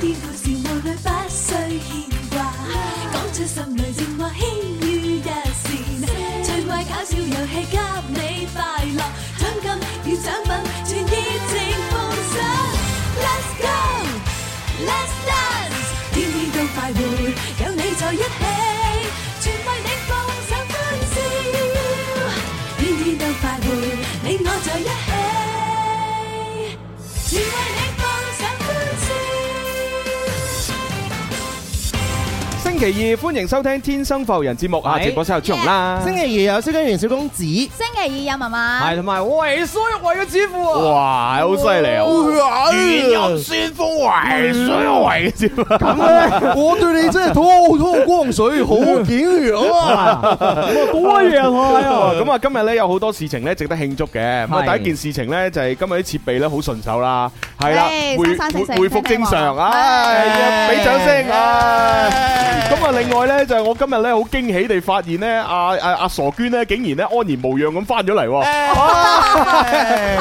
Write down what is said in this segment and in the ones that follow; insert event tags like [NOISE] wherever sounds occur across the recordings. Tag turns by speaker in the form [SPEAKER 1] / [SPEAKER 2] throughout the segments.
[SPEAKER 1] 天天開笑無奈不需牽掛，講出心裏情話，輕於一線，最愛搞笑遊戲給你快樂。
[SPEAKER 2] 星期二歡迎收聽天生浮人節目啊！直播室有朱紅啦。星期二有蕭家員小公子。
[SPEAKER 1] 星期二有媽媽。係同埋為所欲為嘅姐夫啊！哇，
[SPEAKER 2] 好犀利啊！元有
[SPEAKER 1] 先鋒為所欲
[SPEAKER 2] 為嘅姐夫咁咧，我
[SPEAKER 1] 對你真係滔
[SPEAKER 3] 滔江水，好敬仰啊！咁啊，多
[SPEAKER 2] 謝我啊！咁啊，今日咧有好多事情咧值得慶祝嘅。第一件事情咧就係今日啲設備咧好順手啦，係啦，回回回復正常啊！俾掌聲啊！咁啊！另外咧，就我今日咧好驚喜地發現咧，阿阿阿傻娟咧竟然咧安然無恙咁翻咗嚟。我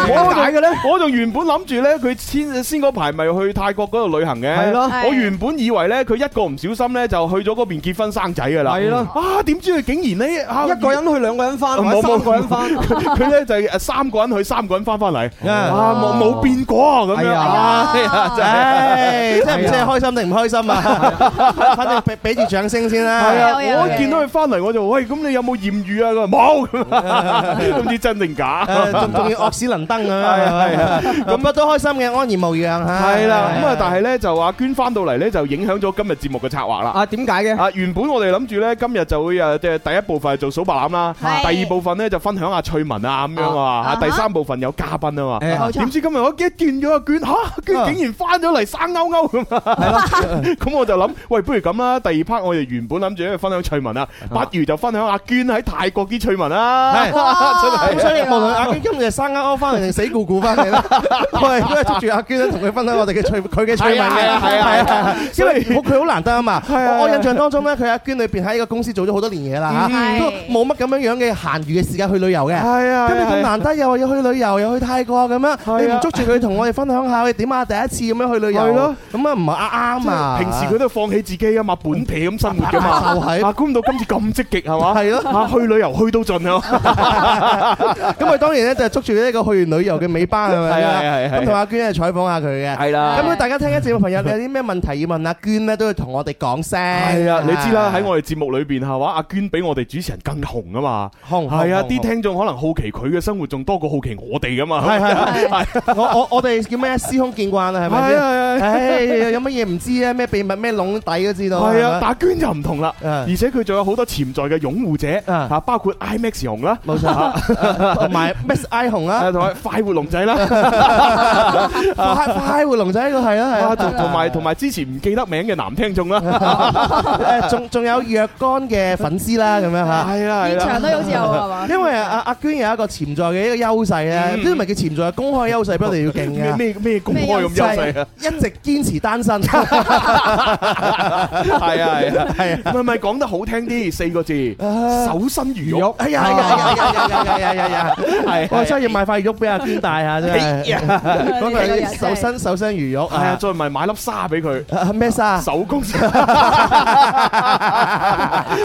[SPEAKER 2] 點解嘅咧？我仲原本諗住咧，佢先先嗰排咪去泰國嗰度旅行嘅。係咯。我原本以為咧，佢一個唔小心咧就去咗嗰邊結婚生仔噶啦。係咯。啊！點知佢竟然咧，啊一個人去，兩個人翻，三個人翻。佢咧就係誒三個人去，三個人翻翻嚟。啊！冇冇變過咁樣。係啊。唉，即係唔知係開心定唔開心啊。反
[SPEAKER 3] 正俾俾。掌聲先啦！我見到佢翻嚟，我就喂咁，你有冇艷遇啊？佢話冇，唔知
[SPEAKER 2] 真定假，仲仲要惡死能登咁啊！
[SPEAKER 3] 咁乜都開心嘅，安然
[SPEAKER 2] 無恙吓。係啦，咁啊，但係咧就阿娟翻到嚟咧，就影響咗今日節目嘅策劃啦。啊，點解嘅？啊，原本我哋諗住咧，今日就會誒，即係第一部分做數白欖啦，第二部分咧就分享下趣聞啊，咁樣啊，吓第三部分有嘉賓啊嘛。誒，好錯。點知今日我一見咗阿娟，吓，佢竟然翻咗嚟生勾勾咁啊！咁我就諗，喂，不如咁啦，第我哋原本諗住分享趣聞啦，不如就分享阿娟喺泰國啲趣聞啦。
[SPEAKER 4] 所以無論阿娟
[SPEAKER 2] 今日生啱啱翻嚟定死故故翻嚟啦，我都係捉住阿娟
[SPEAKER 3] 同佢分享我哋嘅趣，佢嘅趣聞。係啊係啊係啊，因為佢好難得啊嘛。我印象當中咧，佢阿娟裏邊喺一個公司做咗好多年嘢啦，都冇乜咁樣樣嘅閒餘嘅時間去旅遊
[SPEAKER 2] 嘅。係啊，咁咁難得
[SPEAKER 3] 又話要去旅遊，又去泰國啊咁樣。你唔捉住佢同我哋分享下，點啊第一次咁樣去旅遊？係咯，咁啊唔係啱啱啊。平時佢都放棄自
[SPEAKER 2] 己啊嘛，本咁
[SPEAKER 3] 生活嘅嘛，就係啊！估唔到今次咁積極係嘛？係咯，去旅遊去到盡咯。咁啊，佢當然咧就係捉住呢一個去完旅遊嘅尾巴係咪啊？係係係。咁同阿娟啊，採訪下
[SPEAKER 2] 佢嘅係啦。咁啊，大家
[SPEAKER 3] 聽緊節目朋友，有啲咩問題要問阿娟咧，都要同我哋講聲。係啊，你知啦，喺
[SPEAKER 2] 我哋節目裏邊係話，阿娟比我哋主持人更紅啊嘛，紅係啊！啲聽眾可能好奇佢嘅生活，仲多過好奇我哋噶嘛？係係係。我我我哋叫咩？司空見慣啦，係咪先？係係係。唉，有
[SPEAKER 3] 乜嘢唔知咧？咩秘密，咩窿底都知道係啊！阿
[SPEAKER 2] 娟就唔同啦，而且佢仲有好多潛在嘅擁護者，嚇包括 IMAX 紅啦，冇錯，同埋 Miss I 紅啦，同埋快活龍仔啦，快活龍仔，我係咯，啊，同同埋同埋之前唔記得名嘅男聽眾啦，
[SPEAKER 3] 仲仲有若干嘅粉絲啦，咁樣嚇，係啊，現場都好似有啊，因為阿阿娟有一個潛在嘅一個優勢啊，呢啲咪叫潛在嘅公開優勢，不一定要勁嘅咩咩公開咁優勢，一直堅持單身，
[SPEAKER 2] 係啊。係係，唔係咪講得好聽啲，四個字守身如玉。哎呀，係啊，係啊，係啊，係啊，
[SPEAKER 5] 係啊，係啊，係。我真係
[SPEAKER 3] 要買塊玉玉俾阿天大下真係。講句守身守身如玉，係啊，再唔係買粒沙俾佢。咩沙？手工沙。唔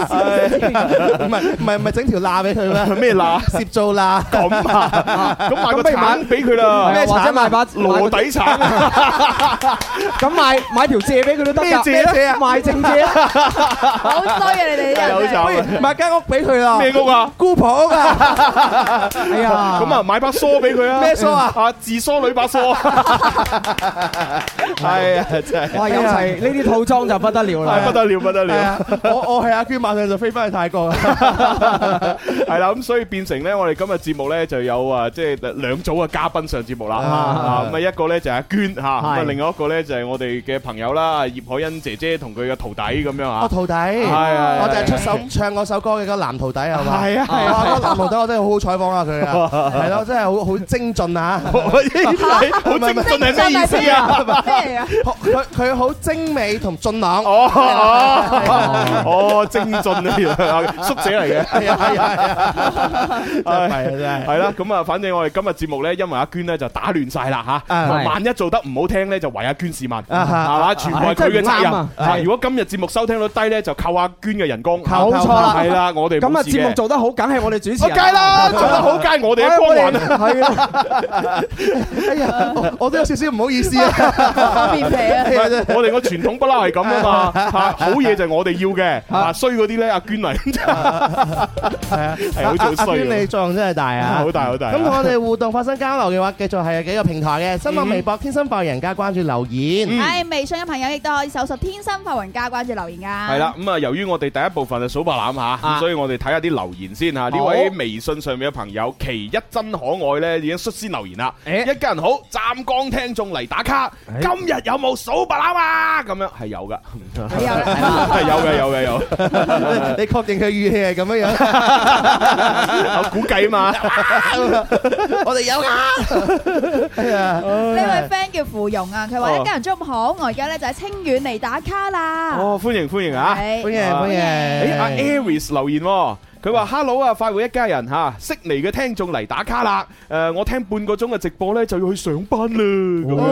[SPEAKER 3] 係唔係唔係，整條罅俾佢啦。咩罅？蝕
[SPEAKER 6] 造罅。咁啊？咁
[SPEAKER 2] 買個鏟俾佢啦。咩鏟？一買把羅底鏟。
[SPEAKER 6] 咁買買條借俾佢都得。咩借？借啊！賣正借。
[SPEAKER 5] 好多嘢！你哋不如買間屋俾佢啦。咩屋啊？姑婆屋啊。係啊。
[SPEAKER 2] 咁啊，買把梳俾佢啊。咩梳啊？啊，自梳女把梳。係啊，
[SPEAKER 6] 真係哇！一齊呢啲套裝就不得了啦，不得了，不得了。我我係阿娟，馬上就飛翻去泰國
[SPEAKER 2] 啦。係啦，咁所以變成咧，我哋今日節目咧就有啊，即係兩組嘅嘉賓上節目啦。啊，咁啊，一個咧就係阿娟吓，咁啊，另外一個咧就係我哋嘅朋友啦，葉海茵姐姐同佢嘅徒弟。我徒弟，
[SPEAKER 3] 我就係出手唱嗰首歌嘅嗰個男徒弟係嘛，係啊係啊，嗰個男徒弟我真係好好採訪啊佢啊，係咯真係好好精俊啊，好精俊係咩意思啊？佢佢好精美同俊朗哦
[SPEAKER 2] 哦，哦精俊啊，縮寫嚟嘅係啊係啊係啊係真係係啦，咁啊，反正我哋今日節目咧，因為阿娟咧就打亂晒啦吓，萬一做得唔好聽咧，就為阿娟是問係嘛，全部係佢嘅責任。如果今日節目，收聽率低咧，就靠阿娟嘅人工，冇錯，係啦，我哋咁啊節目做得好，梗係我哋主持人，梗啦做得好，梗我哋嘅光環，係啊，哎呀，我都有少少唔好意思啊，我哋個傳統不嬲係咁啊嘛，好嘢就係我哋要嘅，衰嗰啲咧，阿娟嚟，係啊，係好做衰，阿娟你作
[SPEAKER 3] 用真係大啊，好大好大，咁我哋互動發生交流嘅話，繼續係幾個平台嘅，新浪微博天生快人
[SPEAKER 2] 家關注留言，
[SPEAKER 7] 唉，微信嘅朋友亦都可以搜索天生快云家關注留。係啦，
[SPEAKER 2] 咁啊，由於我哋第一部分啊數白欖吓，所以我哋睇下啲留言先吓。呢位微信上面嘅朋友，其一真可愛咧，已經率先留言啦。一家人好，湛江聽眾嚟打卡，今日有冇數白欖啊？咁樣係有噶，係有，係有嘅，有嘅，
[SPEAKER 5] 有。
[SPEAKER 3] 你確定佢語氣係咁樣樣？
[SPEAKER 2] 我估計嘛，
[SPEAKER 4] 我哋有啊。呢位 friend 叫芙
[SPEAKER 1] 蓉啊，佢話一家人真好。我而家咧就喺清遠嚟打卡啦。哦，
[SPEAKER 2] 歡。歡迎歡迎啊！歡迎是、啊、歡迎，誒，阿 Aris 留言喎、哦。佢話：Hello 啊，快活一家人嚇，悉尼嘅聽眾嚟打卡啦。誒，我聽半個鐘嘅直播咧，就要去上班啦。咁樣，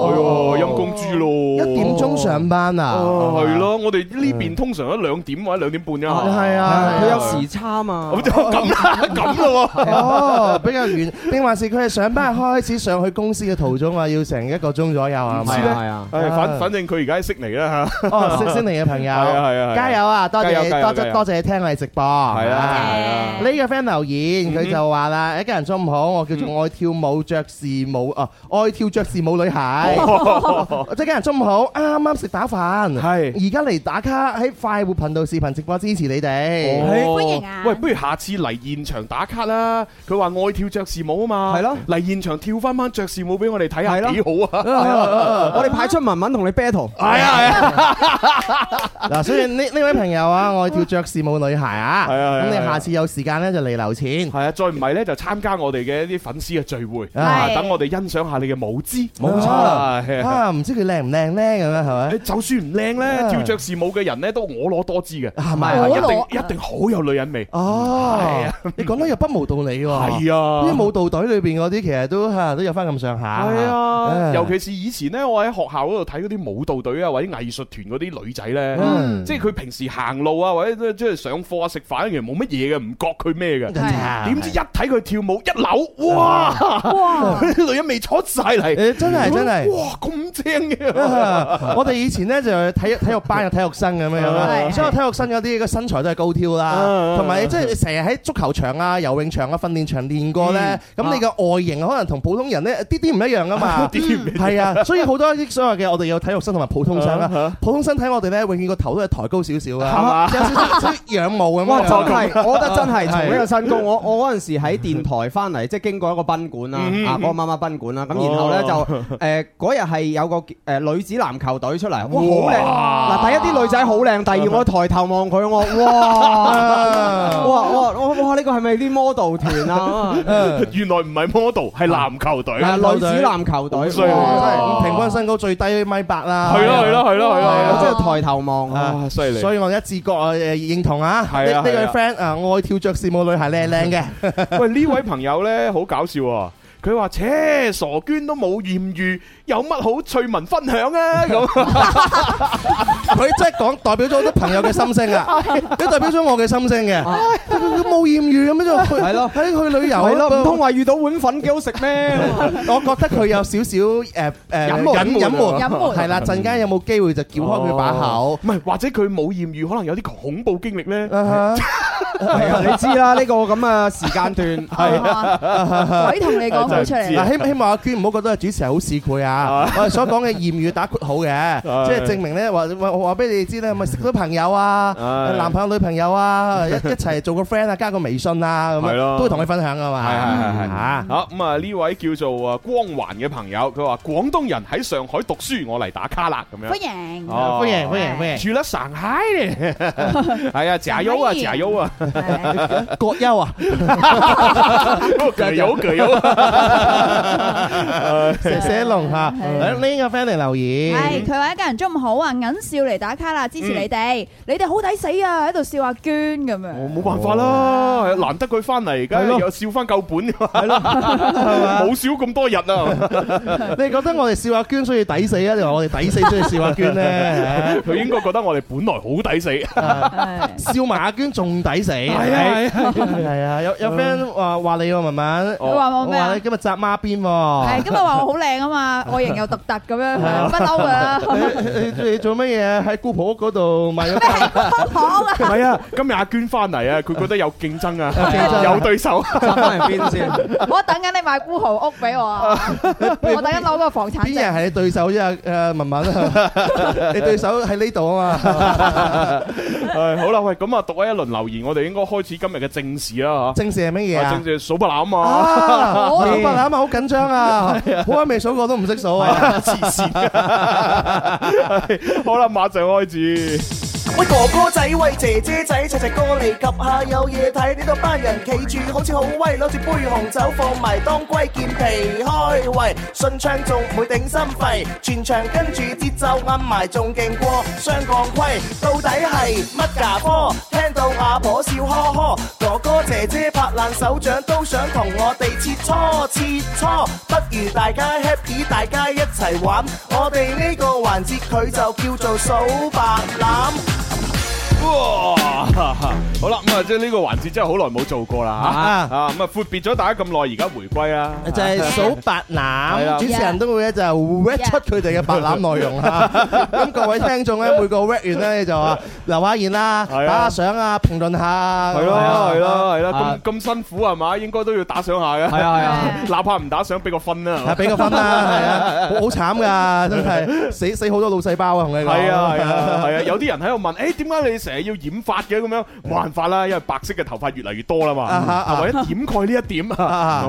[SPEAKER 2] 係陰公豬咯。一點鐘上班啊？係咯，我哋呢邊通常都兩點或者兩點半啊。係啊，佢有
[SPEAKER 3] 時
[SPEAKER 6] 差嘛。咁啊，咁咯。哦，
[SPEAKER 3] 比較遠。定還是佢係上班開始上去公司嘅途中啊？要成一個鐘左右啊？唔知咧。係啊。反反
[SPEAKER 2] 正佢而家喺悉尼啦嚇。哦，悉尼嘅朋友。係啊係啊，加油啊！多謝多謝多謝你
[SPEAKER 3] 聽我哋直播。係啊。啊！呢個 friend 留言，佢就話啦，一家人中午好，我叫做愛跳舞爵士舞，哦，愛跳爵士舞女孩。一家人中午好，啱啱食飽飯，係而家嚟打卡喺快活頻道視頻直播支持你哋，歡迎
[SPEAKER 2] 啊！喂，不如下次嚟現場打卡啦。佢話愛跳爵士舞啊嘛，係咯，嚟現場跳翻翻爵士舞俾我哋睇下啦！幾好啊！我哋派出文文同你 battle，係啊係啊！嗱，所以呢呢位
[SPEAKER 3] 朋友啊，愛跳爵士舞女孩啊，係啊，咁你下次
[SPEAKER 2] 有時間咧，就嚟留錢。係啊，再唔係咧，就參加我哋嘅一啲粉絲嘅聚會，等我哋欣賞下你嘅舞姿。冇錯啊，唔
[SPEAKER 3] 知佢靚唔靚咧咁啊，係咪？就算唔靚咧，跳爵
[SPEAKER 2] 士舞嘅人咧都婀娜多姿嘅，係咪？一定一定好有女人味。哦，
[SPEAKER 3] 你講得又不無道理喎。係啊，啲舞蹈隊裏邊嗰啲其實都嚇都有翻咁上下。係啊，尤其
[SPEAKER 2] 是以前呢，我喺學校嗰度睇嗰啲舞蹈隊啊，或者藝術團嗰啲女仔咧，即係佢平時行路啊，或者即係上課啊、食飯，冇乜嘢嘅，唔覺佢咩嘅，點知一睇佢跳舞一扭，哇哇，啲哇 [LAUGHS] 女人未出晒嚟，誒，真係後真係，哇
[SPEAKER 3] 咁。我哋以前咧就體體育班嘅體育生咁樣樣，所以體育生嗰啲個身材都係高挑啦，同埋即係你成日喺足球場啊、游泳場啊、訓練場練過咧，咁你嘅外形可能同普通人咧啲啲唔一樣噶嘛，係啊，所以好多啲所謂嘅我哋有體育生同埋普通生啦，普通身體我哋咧永遠個頭都係抬高少少噶，有少少仰慕咁啊，真係，我覺得真係從呢個身
[SPEAKER 6] 高，我我嗰陣時喺電台翻嚟，即係經過一個賓館啦，啊嗰個媽媽賓館啦，咁然後咧就誒嗰日係有。個誒女子籃球隊出嚟，哇好靚！嗱，第一啲女仔好靚，第二我抬頭望佢，我哇哇哇哇，呢個係咪啲 model 團啊？
[SPEAKER 2] 原來唔係 model，係籃球隊，女子籃球隊，犀利，平均身高最低一米八啦，
[SPEAKER 6] 係
[SPEAKER 3] 咯係咯係咯，真
[SPEAKER 6] 係
[SPEAKER 2] 抬頭望啊，犀利！所以我一自覺啊，認同啊，
[SPEAKER 3] 呢個 friend 啊，愛跳爵士舞女孩靚靚嘅。
[SPEAKER 2] 喂，呢位朋友咧好搞笑，啊！佢話切傻娟都冇艷遇。有乜好趣聞分享啊？咁佢即係講代表咗我啲朋友嘅心
[SPEAKER 3] 聲啊，佢代表咗我嘅心聲嘅。佢冇艷遇咁樣啫，係咯？喺去旅遊，唔通
[SPEAKER 2] 話遇到碗粉幾好食咩？我覺得佢有少少誒誒，隱隱瞞，隱瞞係啦。陣間有冇機會就撬開佢把口？唔係，或者佢冇艷遇，可能有啲恐怖經歷咧。係啊，你知啦。呢個咁啊時間段係，鬼同你講出嚟。希希
[SPEAKER 3] 望阿娟唔好覺得主持人好市儈啊。我係所講嘅謠語打括號嘅，即係證明咧，話話俾你知咧，咪識到朋友啊，男朋友女朋友啊，一一齊做個 friend 啊，加個微信啊，咁樣都會同你分享啊嘛。係係係係。嚇，
[SPEAKER 2] 好咁啊！呢位叫做啊光環嘅朋友，佢話廣東人喺上海讀書，我嚟打卡啦，咁樣。歡迎，歡迎，歡迎，住得上海咧。係啊，謝優啊，謝優啊，葛優啊，
[SPEAKER 4] 有優，葛優，
[SPEAKER 2] 石龍呢個 friend 嚟留言，
[SPEAKER 3] 係
[SPEAKER 1] 佢話一家人中午好啊，忍笑嚟打卡啦，支持你哋，你哋好抵死啊！喺度笑阿娟咁樣，冇辦
[SPEAKER 2] 法咯，難得佢翻嚟，而家又笑翻夠本，係咯，冇笑咁多日啊！你覺得我哋笑阿娟所
[SPEAKER 3] 以抵死啊？你話我哋抵死先至笑阿娟咧？佢應
[SPEAKER 2] 該覺得我哋本來好抵死，
[SPEAKER 3] 笑埋阿娟仲抵死。係啊，係啊，有有 friend 話話你文文，佢話我咩啊？今日扎孖辮，係今日話我好
[SPEAKER 8] 靚啊嘛！外形又獨特咁樣，
[SPEAKER 5] 不
[SPEAKER 2] 嬲㗎。你做咩嘢？喺姑婆屋嗰度買。咩係姑婆屋啊？係啊，今日阿娟翻嚟啊，佢覺得有競爭啊，有對手，扎翻嚟邊
[SPEAKER 7] 先？我等緊你買姑婆屋俾我啊！我等緊攞個房產證。邊日係你對
[SPEAKER 3] 手先啊？誒，文文，你對手喺呢度啊嘛。
[SPEAKER 2] 誒，好啦，喂，咁啊，讀一輪留言，我哋應該開始今日嘅正事啦嚇。正事係咩嘢啊？正事數白欖啊嘛。
[SPEAKER 3] 啊，數白欖啊嘛，好緊張啊！
[SPEAKER 2] 好鬼未數過都唔識。好啊，黐線。好啦，馬上開始。
[SPEAKER 9] 喂哥哥仔，喂姐姐仔，齊齊過嚟及下有嘢睇。呢度班人企住好似好威，攞住杯紅酒放埋當歸健脾開胃。順暢仲唔會頂心肺，
[SPEAKER 3] 全場跟住節奏按埋仲勁過雙槓規。到底係乜牙科？聽到阿婆笑呵呵，哥哥姐姐拍爛手掌都想同我哋切磋切磋。不如大家 happy，大家一齊玩。我哋呢個環節佢就叫做數白欖。
[SPEAKER 2] 哇，好啦，咁啊，即係呢個環節真係好耐冇做過啦，啊啊，咁啊闊別咗大家咁耐，而家回歸啊，就係數白欖，主持人
[SPEAKER 3] 都會咧就 rap 出佢哋嘅白欖內容吓，咁各位聽眾咧，每個 rap 完咧就話留下言啦，
[SPEAKER 2] 打下賞
[SPEAKER 3] 啊，評論下啊，係咯係咯係啦，咁
[SPEAKER 2] 咁辛苦係嘛，應該都要打賞下嘅，係啊係啊，哪怕唔打賞俾個分啦，係俾個分啦，係啊，
[SPEAKER 3] 好慘噶，真係死死好多腦細胞啊同你講，係啊係啊係啊，有
[SPEAKER 2] 啲人喺度問，誒點解你？成日要染髮嘅咁樣，冇辦法啦，因為白色嘅頭髮越嚟越多啦嘛，為咗掩蓋呢一點，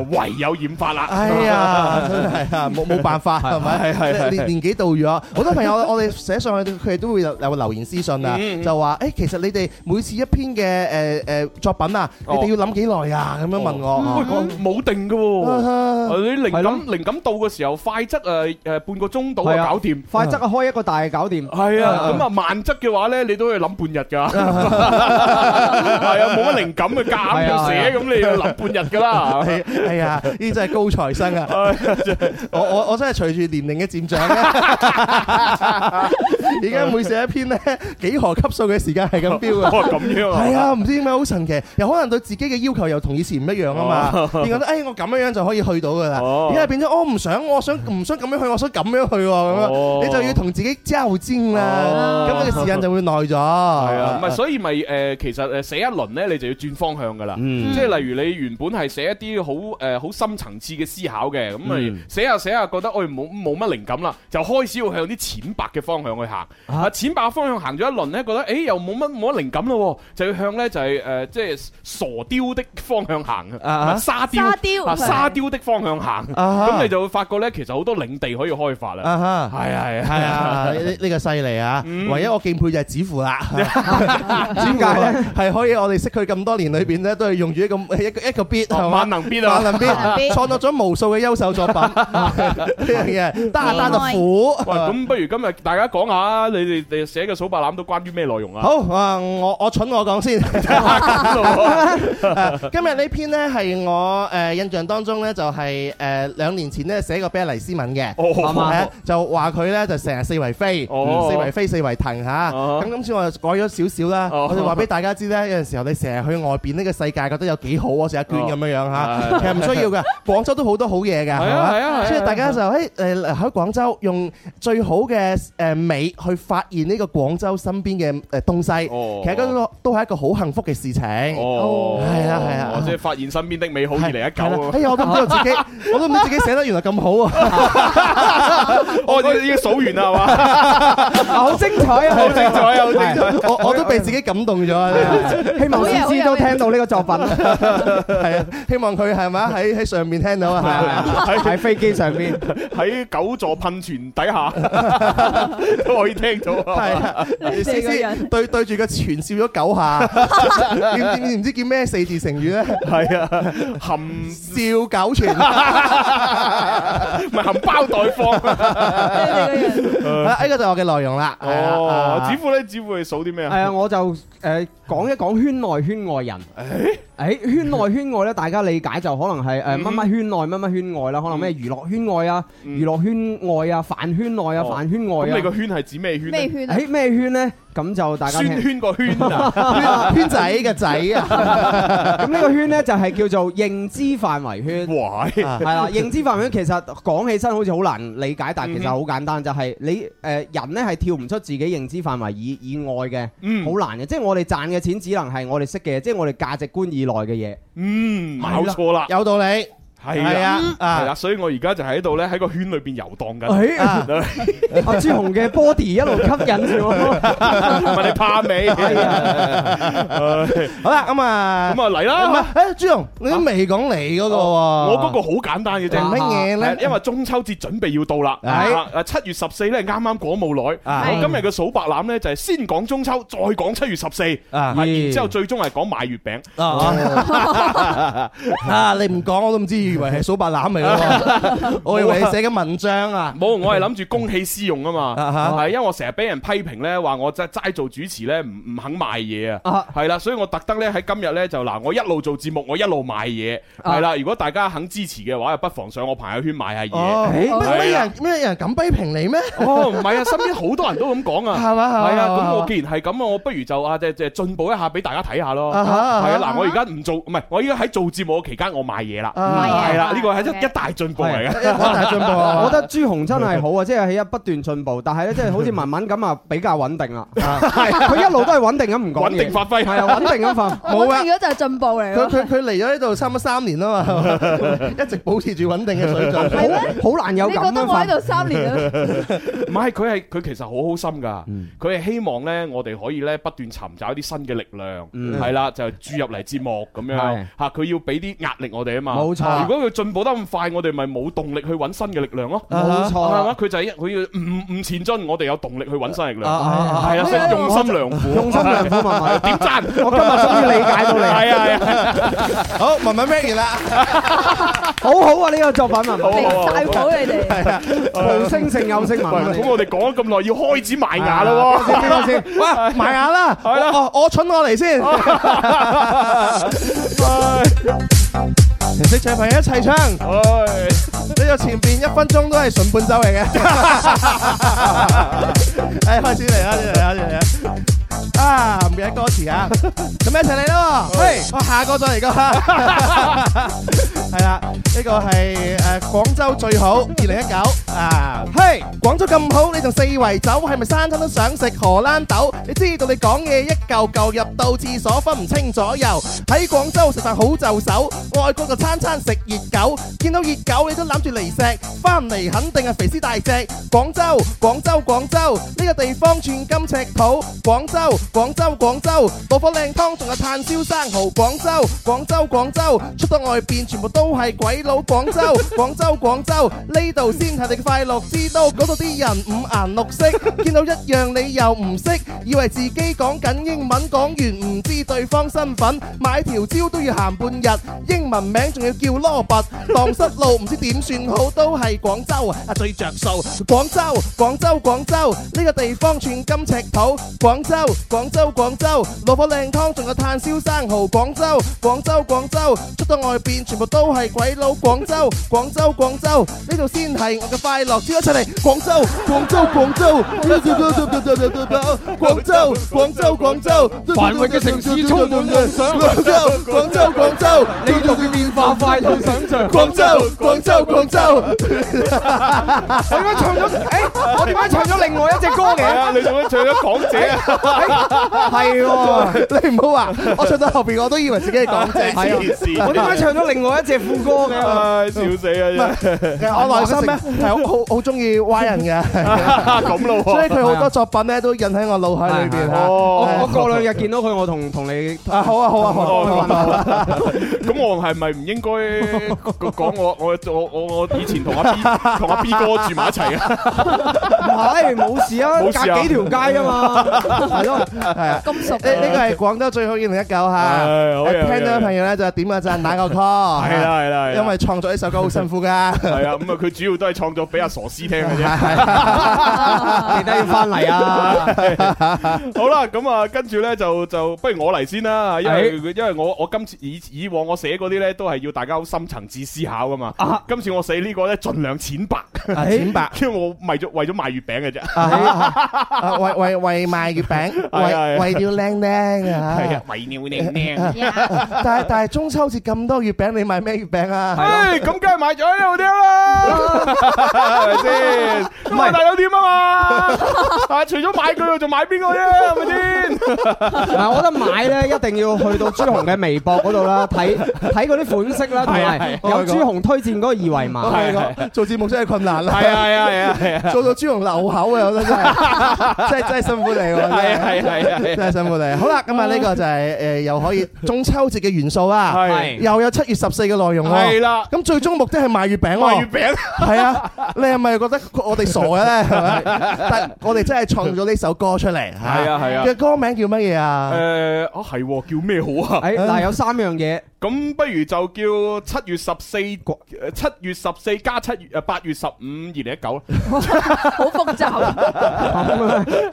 [SPEAKER 2] 唯有染髮啦。哎呀，真係冇冇辦法，係咪？係係年
[SPEAKER 3] 年紀到咗，好多朋友我哋寫上去，佢哋都會有留言私信啊，就話，誒，其實你哋每次一篇嘅誒誒作品啊，你哋要諗幾耐呀？咁樣問我，
[SPEAKER 2] 冇定㗎喎，你靈感靈感到嘅時候，快則誒誒半個鐘到就搞掂，快則開一個大搞掂。係啊，咁啊慢則嘅話咧，你都要諗半日。
[SPEAKER 5] 係啊，冇乜靈感嘅，咁樣寫咁你要諗半日嘅啦。
[SPEAKER 3] 係啊，呢啲真係高材生啊！我我我真係隨住年齡嘅漸長咧，而家每寫一篇咧幾何級數嘅時間係咁飆啊！係啊，唔知點解好神奇，又可能對自己嘅要求又同以前唔一樣啊嘛。你覺得誒，我咁樣樣就可以去到嘅啦。而家變咗，我唔想，我想唔想咁樣去，我想咁樣去咁樣，你就要同自己較尖啦。咁嘅時間就會耐咗。
[SPEAKER 2] 唔係，所以咪誒，其實誒寫一輪咧，你就要轉方向噶啦。即係例如你原本係寫一啲好誒好深層次嘅思考嘅，咁啊寫下寫下覺得誒冇冇乜靈感啦，就開始要向啲淺白嘅方向去行。啊，淺白嘅方向行咗一輪咧，覺得誒又冇乜冇乜靈感咯，就要向咧就係誒即係傻雕的方向行啊。沙雕沙雕的方向行，咁你就會發覺咧，其實好多領地可以開發啦。係
[SPEAKER 10] 啊
[SPEAKER 3] 係啊係啊，呢個犀利啊！唯一我敬佩就係指符啦。點解咧？係可以我哋識佢咁多年裏邊咧，都係用住一個一個一個筆係嘛，萬能筆啊！萬能筆，創作咗無數嘅優秀作品。
[SPEAKER 2] 呢樣嘢，擔啊擔啊苦。喂，咁不如今日大家講下，你哋哋寫嘅數白欖都關於咩內容啊？好
[SPEAKER 3] 啊，我我蠢我講先。今日呢篇咧係我誒印象當中咧就係誒兩年前咧寫個畀黎思文嘅，就話佢咧就成日四圍飛，四圍飛，四圍騰吓。咁今次我就改咗。少少啦，我就話俾大家知咧，有陣時候你成日去外邊呢個世界，覺得有幾好啊，成日轉咁樣樣吓，其實唔需要噶。廣州都好多好嘢噶，係啊，所以大家就喺誒喺廣州用最好嘅誒美去發現呢個廣州身邊嘅誒東西。其實個都係一個好幸福嘅事情。哦，係啊，係啊。即
[SPEAKER 2] 係發現身邊的美好而嚟一嚿。哎呀，我都唔知自己，
[SPEAKER 3] 我都唔知自己寫得原來咁好啊！我已經數完啦，係嘛？好精彩啊！好精彩啊！好精彩！我都被自己感動咗啊！ [LAUGHS] 希望思思都
[SPEAKER 6] 聽到呢個作品，
[SPEAKER 3] 係啊有！ [LAUGHS] 希望佢係咪喺喺上面聽到 [LAUGHS] 啊？係啊！喺飛機上邊，喺九 [LAUGHS] 座噴泉底下
[SPEAKER 2] 都可以聽到啊！思思
[SPEAKER 3] 對對住個泉笑咗九下，唔 [LAUGHS] 知叫咩四字成語咧？係啊，含笑九泉，
[SPEAKER 5] 唔 [LAUGHS] 係 [LAUGHS] 含苞
[SPEAKER 3] 待放。
[SPEAKER 2] 呢、 [LAUGHS] [LAUGHS] 嗯呢個就係我嘅內容啦。哦，指乎咧，指乎係數啲咩啊？誒、呃，我就
[SPEAKER 6] 誒講、呃、一講圈內圈外人。欸喺、哎、圈內圈外咧，大家理解就可能係誒乜乜圈內乜乜圈外啦，嗯、可能咩娛樂圈外啊、娛樂、嗯、圈外啊、飯圈內啊、飯圈外啊。咩個、哦、圈係指咩圈？咩圈、啊？咩、哎、圈咧？咁就大家圈個圈啊， [LAUGHS] 圈仔嘅仔啊。咁 [LAUGHS] 呢個圈咧就係叫做認知範圍圈。係係。係啦，認知範圍圈其實講起身好似好難理解，但其實好簡單，就係、是、你誒、呃、人咧係跳唔出自己認知範圍以以外嘅，好難嘅。即係、嗯、我哋賺嘅錢只能係我哋識嘅，即、就、係、是、我哋價值觀以。內嘅嘢，
[SPEAKER 2] 嗯，冇錯啦，了有道理。係啊，係啦，所以我而家就喺度咧，喺個圈裏邊遊蕩緊。
[SPEAKER 6] 阿朱紅嘅 body 一路吸引住我，
[SPEAKER 2] 問
[SPEAKER 4] 你怕未？
[SPEAKER 2] 好啦，咁啊，咁啊嚟啦。誒，朱紅，你都未講你嗰個？我嗰個好簡單嘅啫。乜嘢咧？因為中秋節準備要到啦。係啊，七月十四咧，啱啱過冇耐。我今日嘅數白欖咧，就係先講中秋，再講七月十四，然之後最終係講買月餅。啊，你唔講
[SPEAKER 3] 我都唔知。 [LAUGHS] [LAUGHS] 以為係數白欖嚟咯，
[SPEAKER 2] 我以為你寫緊文章啊，冇，我係諗住公器私用啊嘛，係，因為我成日俾人批評咧，話我即係齋做主持咧，唔唔肯賣嘢啊，係啦，所以我特登咧喺今日咧就嗱，我一路做節目，我一路賣嘢，係啦，如果大家肯支持嘅話，不妨上我朋友圈買下嘢。咩人
[SPEAKER 3] 咩人咁批評你
[SPEAKER 2] 咩？ [LAUGHS] 哦，唔係啊，身邊好多人都咁講啊，係嘛，係啊，咁我既然係咁啊，我不如就啊即即係進步一下俾大家睇下咯，係、 [LAUGHS] 嗯嗯、啊，嗱，我而家唔做，唔係，我而家喺做節目嘅期間，我賣嘢啦。係啦，呢個係一一大進步嚟嘅，一大進步。我覺得
[SPEAKER 6] 朱紅真係好啊，即係喺一不斷進步，但係咧，即係好似慢慢咁啊，比較穩定啦。佢一路都係穩定咁唔講。穩定發揮，
[SPEAKER 2] 係啊，穩定咁
[SPEAKER 1] 發。冇啊，咗就係進步嚟。佢佢
[SPEAKER 6] 佢嚟咗呢度三三年啊嘛，
[SPEAKER 2] 一
[SPEAKER 3] 直保持住穩定嘅水
[SPEAKER 4] 準。係咧，
[SPEAKER 2] 好
[SPEAKER 1] 難有咁。你覺得我喺度三年啊？
[SPEAKER 2] 唔係，佢係佢其實好好心噶，佢係希望咧，我哋可以咧不斷尋找一啲新嘅力量，係啦，就注入嚟節目咁樣。係。吓，佢要俾啲壓力我哋啊嘛。冇錯。如果佢進步得咁快，我哋咪冇動力去揾新嘅力量咯。冇錯，係嘛？佢就係佢要唔唔前進，我哋有動力去揾新力量。係啊，用心良苦，用心良苦，文文
[SPEAKER 11] 點爭？
[SPEAKER 3] 我今日終於理解到你。係啊係啊，
[SPEAKER 2] 好文文咩完
[SPEAKER 11] 啦？
[SPEAKER 2] 好好啊，呢個作品文文大寶，你哋係啊，從升成又升文文。咁我哋講咗咁耐，要開始埋牙啦喎！等先，喂，埋牙啦！係啦，我蠢我嚟先。識唱
[SPEAKER 3] 朋友一齊唱，哎、 [LAUGHS] 你個前邊一分鐘都係純伴奏嚟嘅。哎，開始嚟啦！ [LAUGHS] 開始嚟啦！ [LAUGHS] 開始嚟啦！啊，唔記得歌詞啊，咁、啊、一齊嚟咯！嘿、oh. hey, 啊，我下個再嚟個吓，係啦，呢個係誒廣州最好二零一九啊！嘿，廣州咁好，你仲四圍走，係咪山餐都想食荷蘭豆？你知道你講嘢一嚿嚿入到廁所分唔清左右，喺廣州食飯好就手，外國就餐餐食熱狗，見到熱狗你都攬住嚟食，翻嚟肯定係肥屍大隻。廣州，廣州，廣州呢、這個地方寸金尺土，廣州。廣州廣州廣州，煲翻靚湯仲有炭燒生蠔。廣州廣州廣州，出到外邊全部都係鬼佬。廣州廣州廣州，呢度先係你嘅快樂之都。嗰度啲人五顏六色，見到一樣你又唔識，以為自己講緊英文，講完唔知對方身份，買條蕉都要行半日，英文名仲要叫羅拔，蕩失路唔知點算好，都係廣州啊最着數。廣州廣州廣州，呢個地方寸金尺土。廣州。廣州廣州，老火靚湯，仲有炭燒生蠔。廣州廣州廣州，出到外邊全部都係鬼佬。廣州廣州廣州，呢度先係我嘅快樂。cheers 一齊嚟！廣州廣州廣州，廣州廣州廣州，繁華嘅城市充滿人。廣州廣州廣州，令到佢變化快到想象。廣州廣州廣州，我點解
[SPEAKER 6] 唱咗？誒，我點解唱咗另外一隻歌嘅？啊，你做乜唱咗港姐啊？係，
[SPEAKER 3] 你唔好話，我唱到後邊我都以為自己係講緊件事，我點解唱
[SPEAKER 6] 咗另外一隻副歌
[SPEAKER 10] 嘅？笑死啊！我內心咧係好
[SPEAKER 3] 好好中意歪人嘅，咁咯。所以佢好多作品咧都印喺我腦海裏邊。哦，我過兩日見
[SPEAKER 10] 到
[SPEAKER 2] 佢，我同同你啊，好啊，好啊，好啊。咁我係咪唔應該講我我我我以前同阿 B 同阿 B 哥住埋一齊
[SPEAKER 5] 啊？
[SPEAKER 6] 唔係，冇事啊，隔幾條街啊嘛，係咯。係啊，金屬。呢呢個係
[SPEAKER 3] 廣州最好二零一九吓。聽到嘅朋友咧就點個讚，打個 call。係啦係啦，因為創作呢首歌好辛苦噶。係啊，咁
[SPEAKER 2] 啊，佢主要都係創作俾阿傻師聽嘅啫。記得要翻嚟啊！好啦，咁啊，跟住咧就就不如我嚟先啦。因為因為我我今次以以往我寫嗰啲咧都係要大家好深層次思考噶嘛。啊！今次我寫呢個咧盡量淺白。淺白，因為我為咗為咗賣月
[SPEAKER 4] 餅嘅啫。
[SPEAKER 3] 為為為賣月餅。為咗靚靚啊！係啊，為咗靚靚。但係但係中秋節咁多月餅，你買咩月餅啊？
[SPEAKER 2] 咁梗係買咗呢度啲啦，係咪先？買大酒店啊嘛。啊，除咗買佢，仲買邊個啫？係咪先？嗱，我覺得
[SPEAKER 6] 買咧一定要去到朱紅嘅微博嗰度啦，睇睇嗰啲款式啦，同埋有朱紅推薦嗰個二維碼。係個做節目真係困難啦。係啊係啊係啊！做到朱紅流
[SPEAKER 3] 口啊，我覺得真係真
[SPEAKER 6] 係真係辛苦你。係啊係啊。 [LAUGHS] 真係辛苦你。好啦，咁啊呢
[SPEAKER 3] 個就係、是、誒、呃、又可以中秋節嘅元素啦、啊。係是，又有七月十四嘅內容咯、啊。係啦的。咁最終目的係賣月餅、啊，賣月餅。係 [LAUGHS] 啊，你係咪覺得我哋傻嘅咧？係
[SPEAKER 2] 咪？但係我
[SPEAKER 3] 哋真係創咗呢首歌出嚟。係啊係啊。嘅歌名叫乜嘢啊？誒、呃，
[SPEAKER 2] 啊係，叫咩好啊？誒、 [LAUGHS] 哎，嗱、呃，有三樣嘢。咁不如就叫七月十四誒，七月十四加七月誒八月十五二零一九啦，好複雜。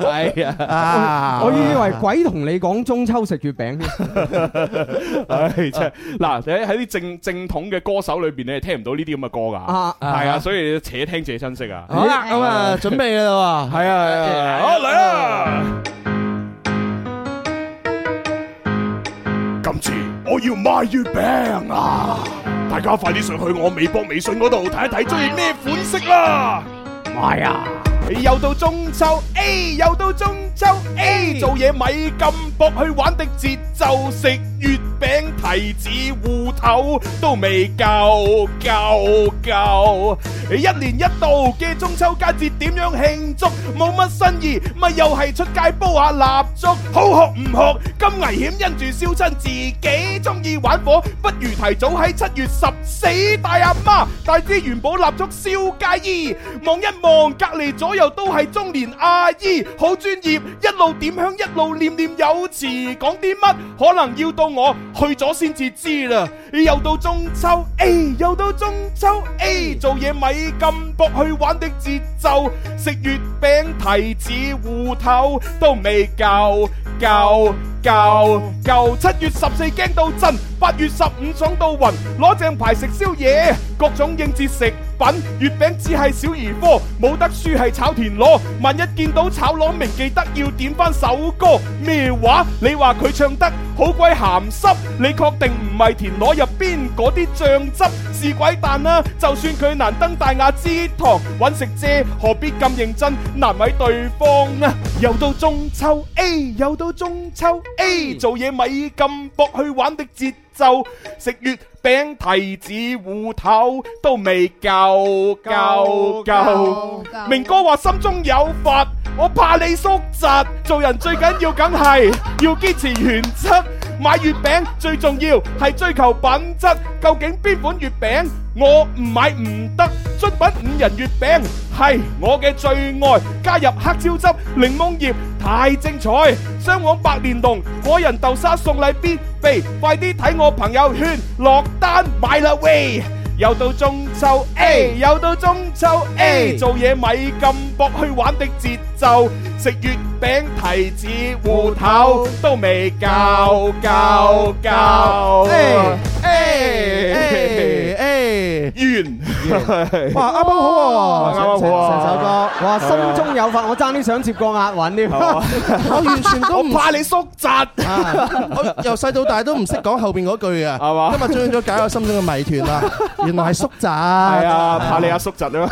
[SPEAKER 4] 係啊，我以為
[SPEAKER 6] 鬼同你講中秋食月餅。
[SPEAKER 2] 嗱，你喺啲正正統嘅歌手裏邊，你係聽唔到呢啲咁嘅歌噶、 [LAUGHS] 啊。啊，係啊，所以且聽且珍惜啊。好啦，咁
[SPEAKER 6] 啊，準備啦
[SPEAKER 3] 喎。
[SPEAKER 2] 係啊係啊， [LAUGHS] 好嚟啦！今次。我要賣月餅啊！大家快啲上去我微博、微信嗰度睇一睇，中意咩款式啦！賣啊！又到中秋，誒又到中秋，誒做嘢咪咁搏，去玩的節奏食月餅、提子、芋頭都未夠夠夠！一年一度嘅中秋佳節點樣慶祝？冇乜新意，咪又係出街煲下蠟燭，好學唔學咁危險？因住燒親自己中意玩火，不如提早喺七月十四大阿媽帶支元寶蠟燭燒街衣望一望隔籬咗。又都係中年阿姨，好專業，一路點香，一路念念有詞，講啲乜可能要到我去咗先至知啦。又到中秋，哎，又到中秋，哎，做嘢咪咁搏去玩的節奏，食月餅、提子、芋頭都未夠夠。夠舊舊七月十四驚到震，八月十五爽到暈，攞正牌食宵夜，各種應節食品，月餅只係小兒科，冇得輸係炒田螺。萬一見到炒螺，明記得要點翻首歌咩話？你話佢唱得好鬼鹹濕，你確定唔係田螺入邊嗰啲醬汁試鬼蛋啦、啊？就算佢難登大雅之堂，搵食啫，何必咁認真難為對方啊？又到中秋，誒、欸，又到中秋。A 做嘢咪咁搏去玩的節奏，食月餅、提子、芋頭都未夠夠夠。明哥話心中有佛，我怕你叔侄。做人最緊要梗係要堅持原則，買月餅最重要係追求品質。究竟邊款月餅我唔買唔得？出品五仁月餅係我嘅最愛，加入黑椒汁、檸檬葉太精彩！雙黃白蓮蓉，果仁豆沙送禮必備，快啲睇我朋友圈落單買啦喂！又到中秋 A，又到中秋 A，做嘢咪咁搏去玩的節。食月餅、提子、芋頭都未夠夠夠，誒誒誒完，哇啱啱好啊，成首歌，哇心中
[SPEAKER 6] 有法，我爭啲想接過押韻啲，我完全都唔怕你叔侄，
[SPEAKER 3] 我由細到大都唔識講後邊嗰句啊，係嘛？今日終於咗解我心中嘅謎團啦，原來係叔侄，係啊，怕你阿叔
[SPEAKER 6] 侄啊嘛，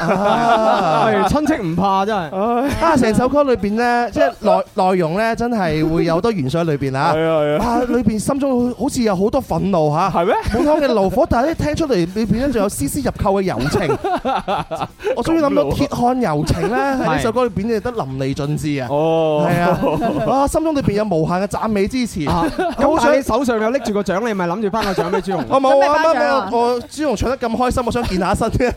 [SPEAKER 6] 親戚唔怕真
[SPEAKER 3] 係，啊成。首歌裏邊咧，即係內內容咧，真係會有好多元素喺裏邊啊！係啊，裏邊心中好似有好多憤怒吓，係咩？普通嘅爐火，但係咧聽出嚟，裏邊咧仲有絲絲入扣嘅柔情。我終於諗到鐵漢柔情咧，喺呢首歌裏邊演繹得淋
[SPEAKER 6] 漓盡致啊！哦，係啊，
[SPEAKER 3] 啊，心中裏邊有無限嘅讚美之詞。
[SPEAKER 6] 咁好想係手上又拎住個獎，你咪諗住翻個獎俾朱紅。我冇啊，
[SPEAKER 3] 我朱紅唱得咁開心，我想健下身嘅。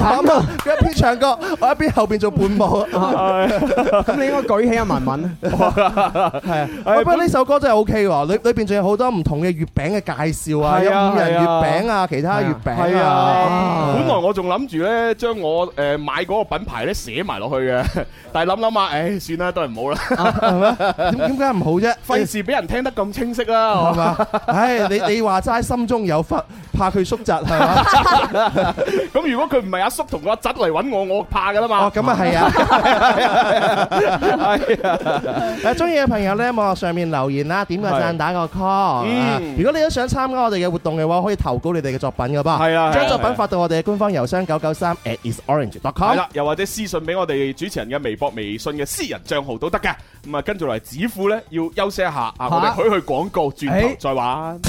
[SPEAKER 3] 我冇，佢一邊唱歌，我一邊後邊做伴舞。咁你應該舉起阿文文，係，不過呢首歌真係 O K 喎，裏裏邊仲有好多唔同嘅月餅嘅介紹啊，有五仁月餅啊，其他月餅啊，本
[SPEAKER 2] 來我仲諗住咧，將我誒買嗰個品牌咧寫埋落去嘅，但係諗諗下，誒，算啦，都係唔好啦，係咪？點點解唔好啫？費事俾人聽得咁清晰啦，係嘛？唉，你你
[SPEAKER 3] 話齋心中有佛，怕佢叔侄係
[SPEAKER 2] 嘛？咁如果佢唔係阿叔同阿侄嚟搵我，我怕噶啦嘛？咁啊係啊。
[SPEAKER 3] 係啊！誒，中意嘅朋友咧，網絡上面留言啦，點個讚，是打個 call、嗯。如果你都想參加我哋嘅活動嘅話，可以投稿你哋嘅作品噶噃，係啊，將作品發到我哋嘅官方郵箱九九三 atisorange.com 啦，啊，
[SPEAKER 2] 又或者私信俾我哋主持人嘅微博、微信嘅私人賬號都得嘅。咁啊，跟住，嚟，指富咧要休息一下啊，麼我哋許去廣告，轉頭再玩。欸 [LAUGHS]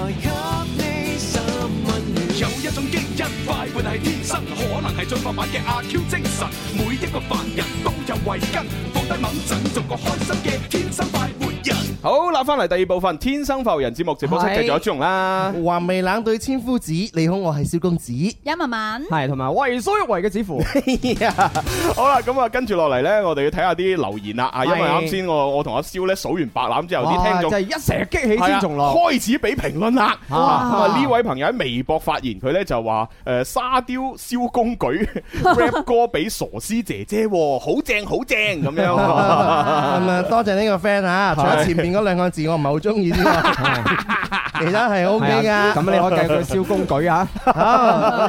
[SPEAKER 10] [NOISE] 有一種基因快活係天生，可能係進化版嘅
[SPEAKER 2] 阿 Q 精神。每一個凡人都有慧根，放低猛，準做個開心嘅天生。好，拉翻嚟第二部分《天生浮人》節目直播室，繼續有朱紅啦。
[SPEAKER 3] 橫眉冷對千夫指，你好，我係蕭公子。一文文，
[SPEAKER 2] 係，同埋為所欲為嘅紙符。好啦，咁啊，跟住落嚟咧，我哋要睇下啲留言啦。啊，因為啱先我我同阿蕭咧數完白欖之後，啲聽眾就係一成激起聽眾開始俾評論啦。啊，呢位朋友喺微博發言，佢咧就話誒沙雕蕭公舉 rap 歌俾傻師姐姐，好正好正咁樣。咁啊，多謝
[SPEAKER 3] 呢個 friend 啊，喺前面。嗰兩個字我唔係好中意呢個，其他係 OK 噶。咁啊，你可以繼續蕭公舉啊。好，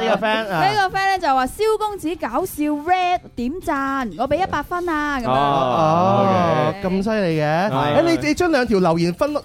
[SPEAKER 3] 呢個 friend
[SPEAKER 7] 呢個 friend 咧就話：蕭公子
[SPEAKER 1] 搞笑 red 點贊，我俾一百分啊。
[SPEAKER 3] 咁啊，哦，咁犀利嘅。誒，你你將兩條留言分誒